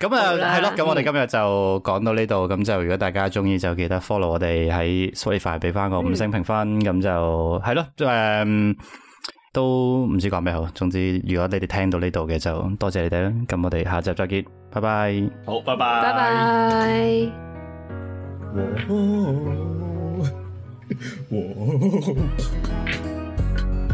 咁啊，係咯，咁我哋今日就講到呢度。咁就如果大家中意，就記得 follow 我哋喺 Spotify，俾翻個五星評分。咁就係咯，誒，都唔知講咩好。總之，如果你哋聽到呢度嘅，就多謝你哋啦。咁我哋下集再見，拜拜。好，拜拜，拜拜。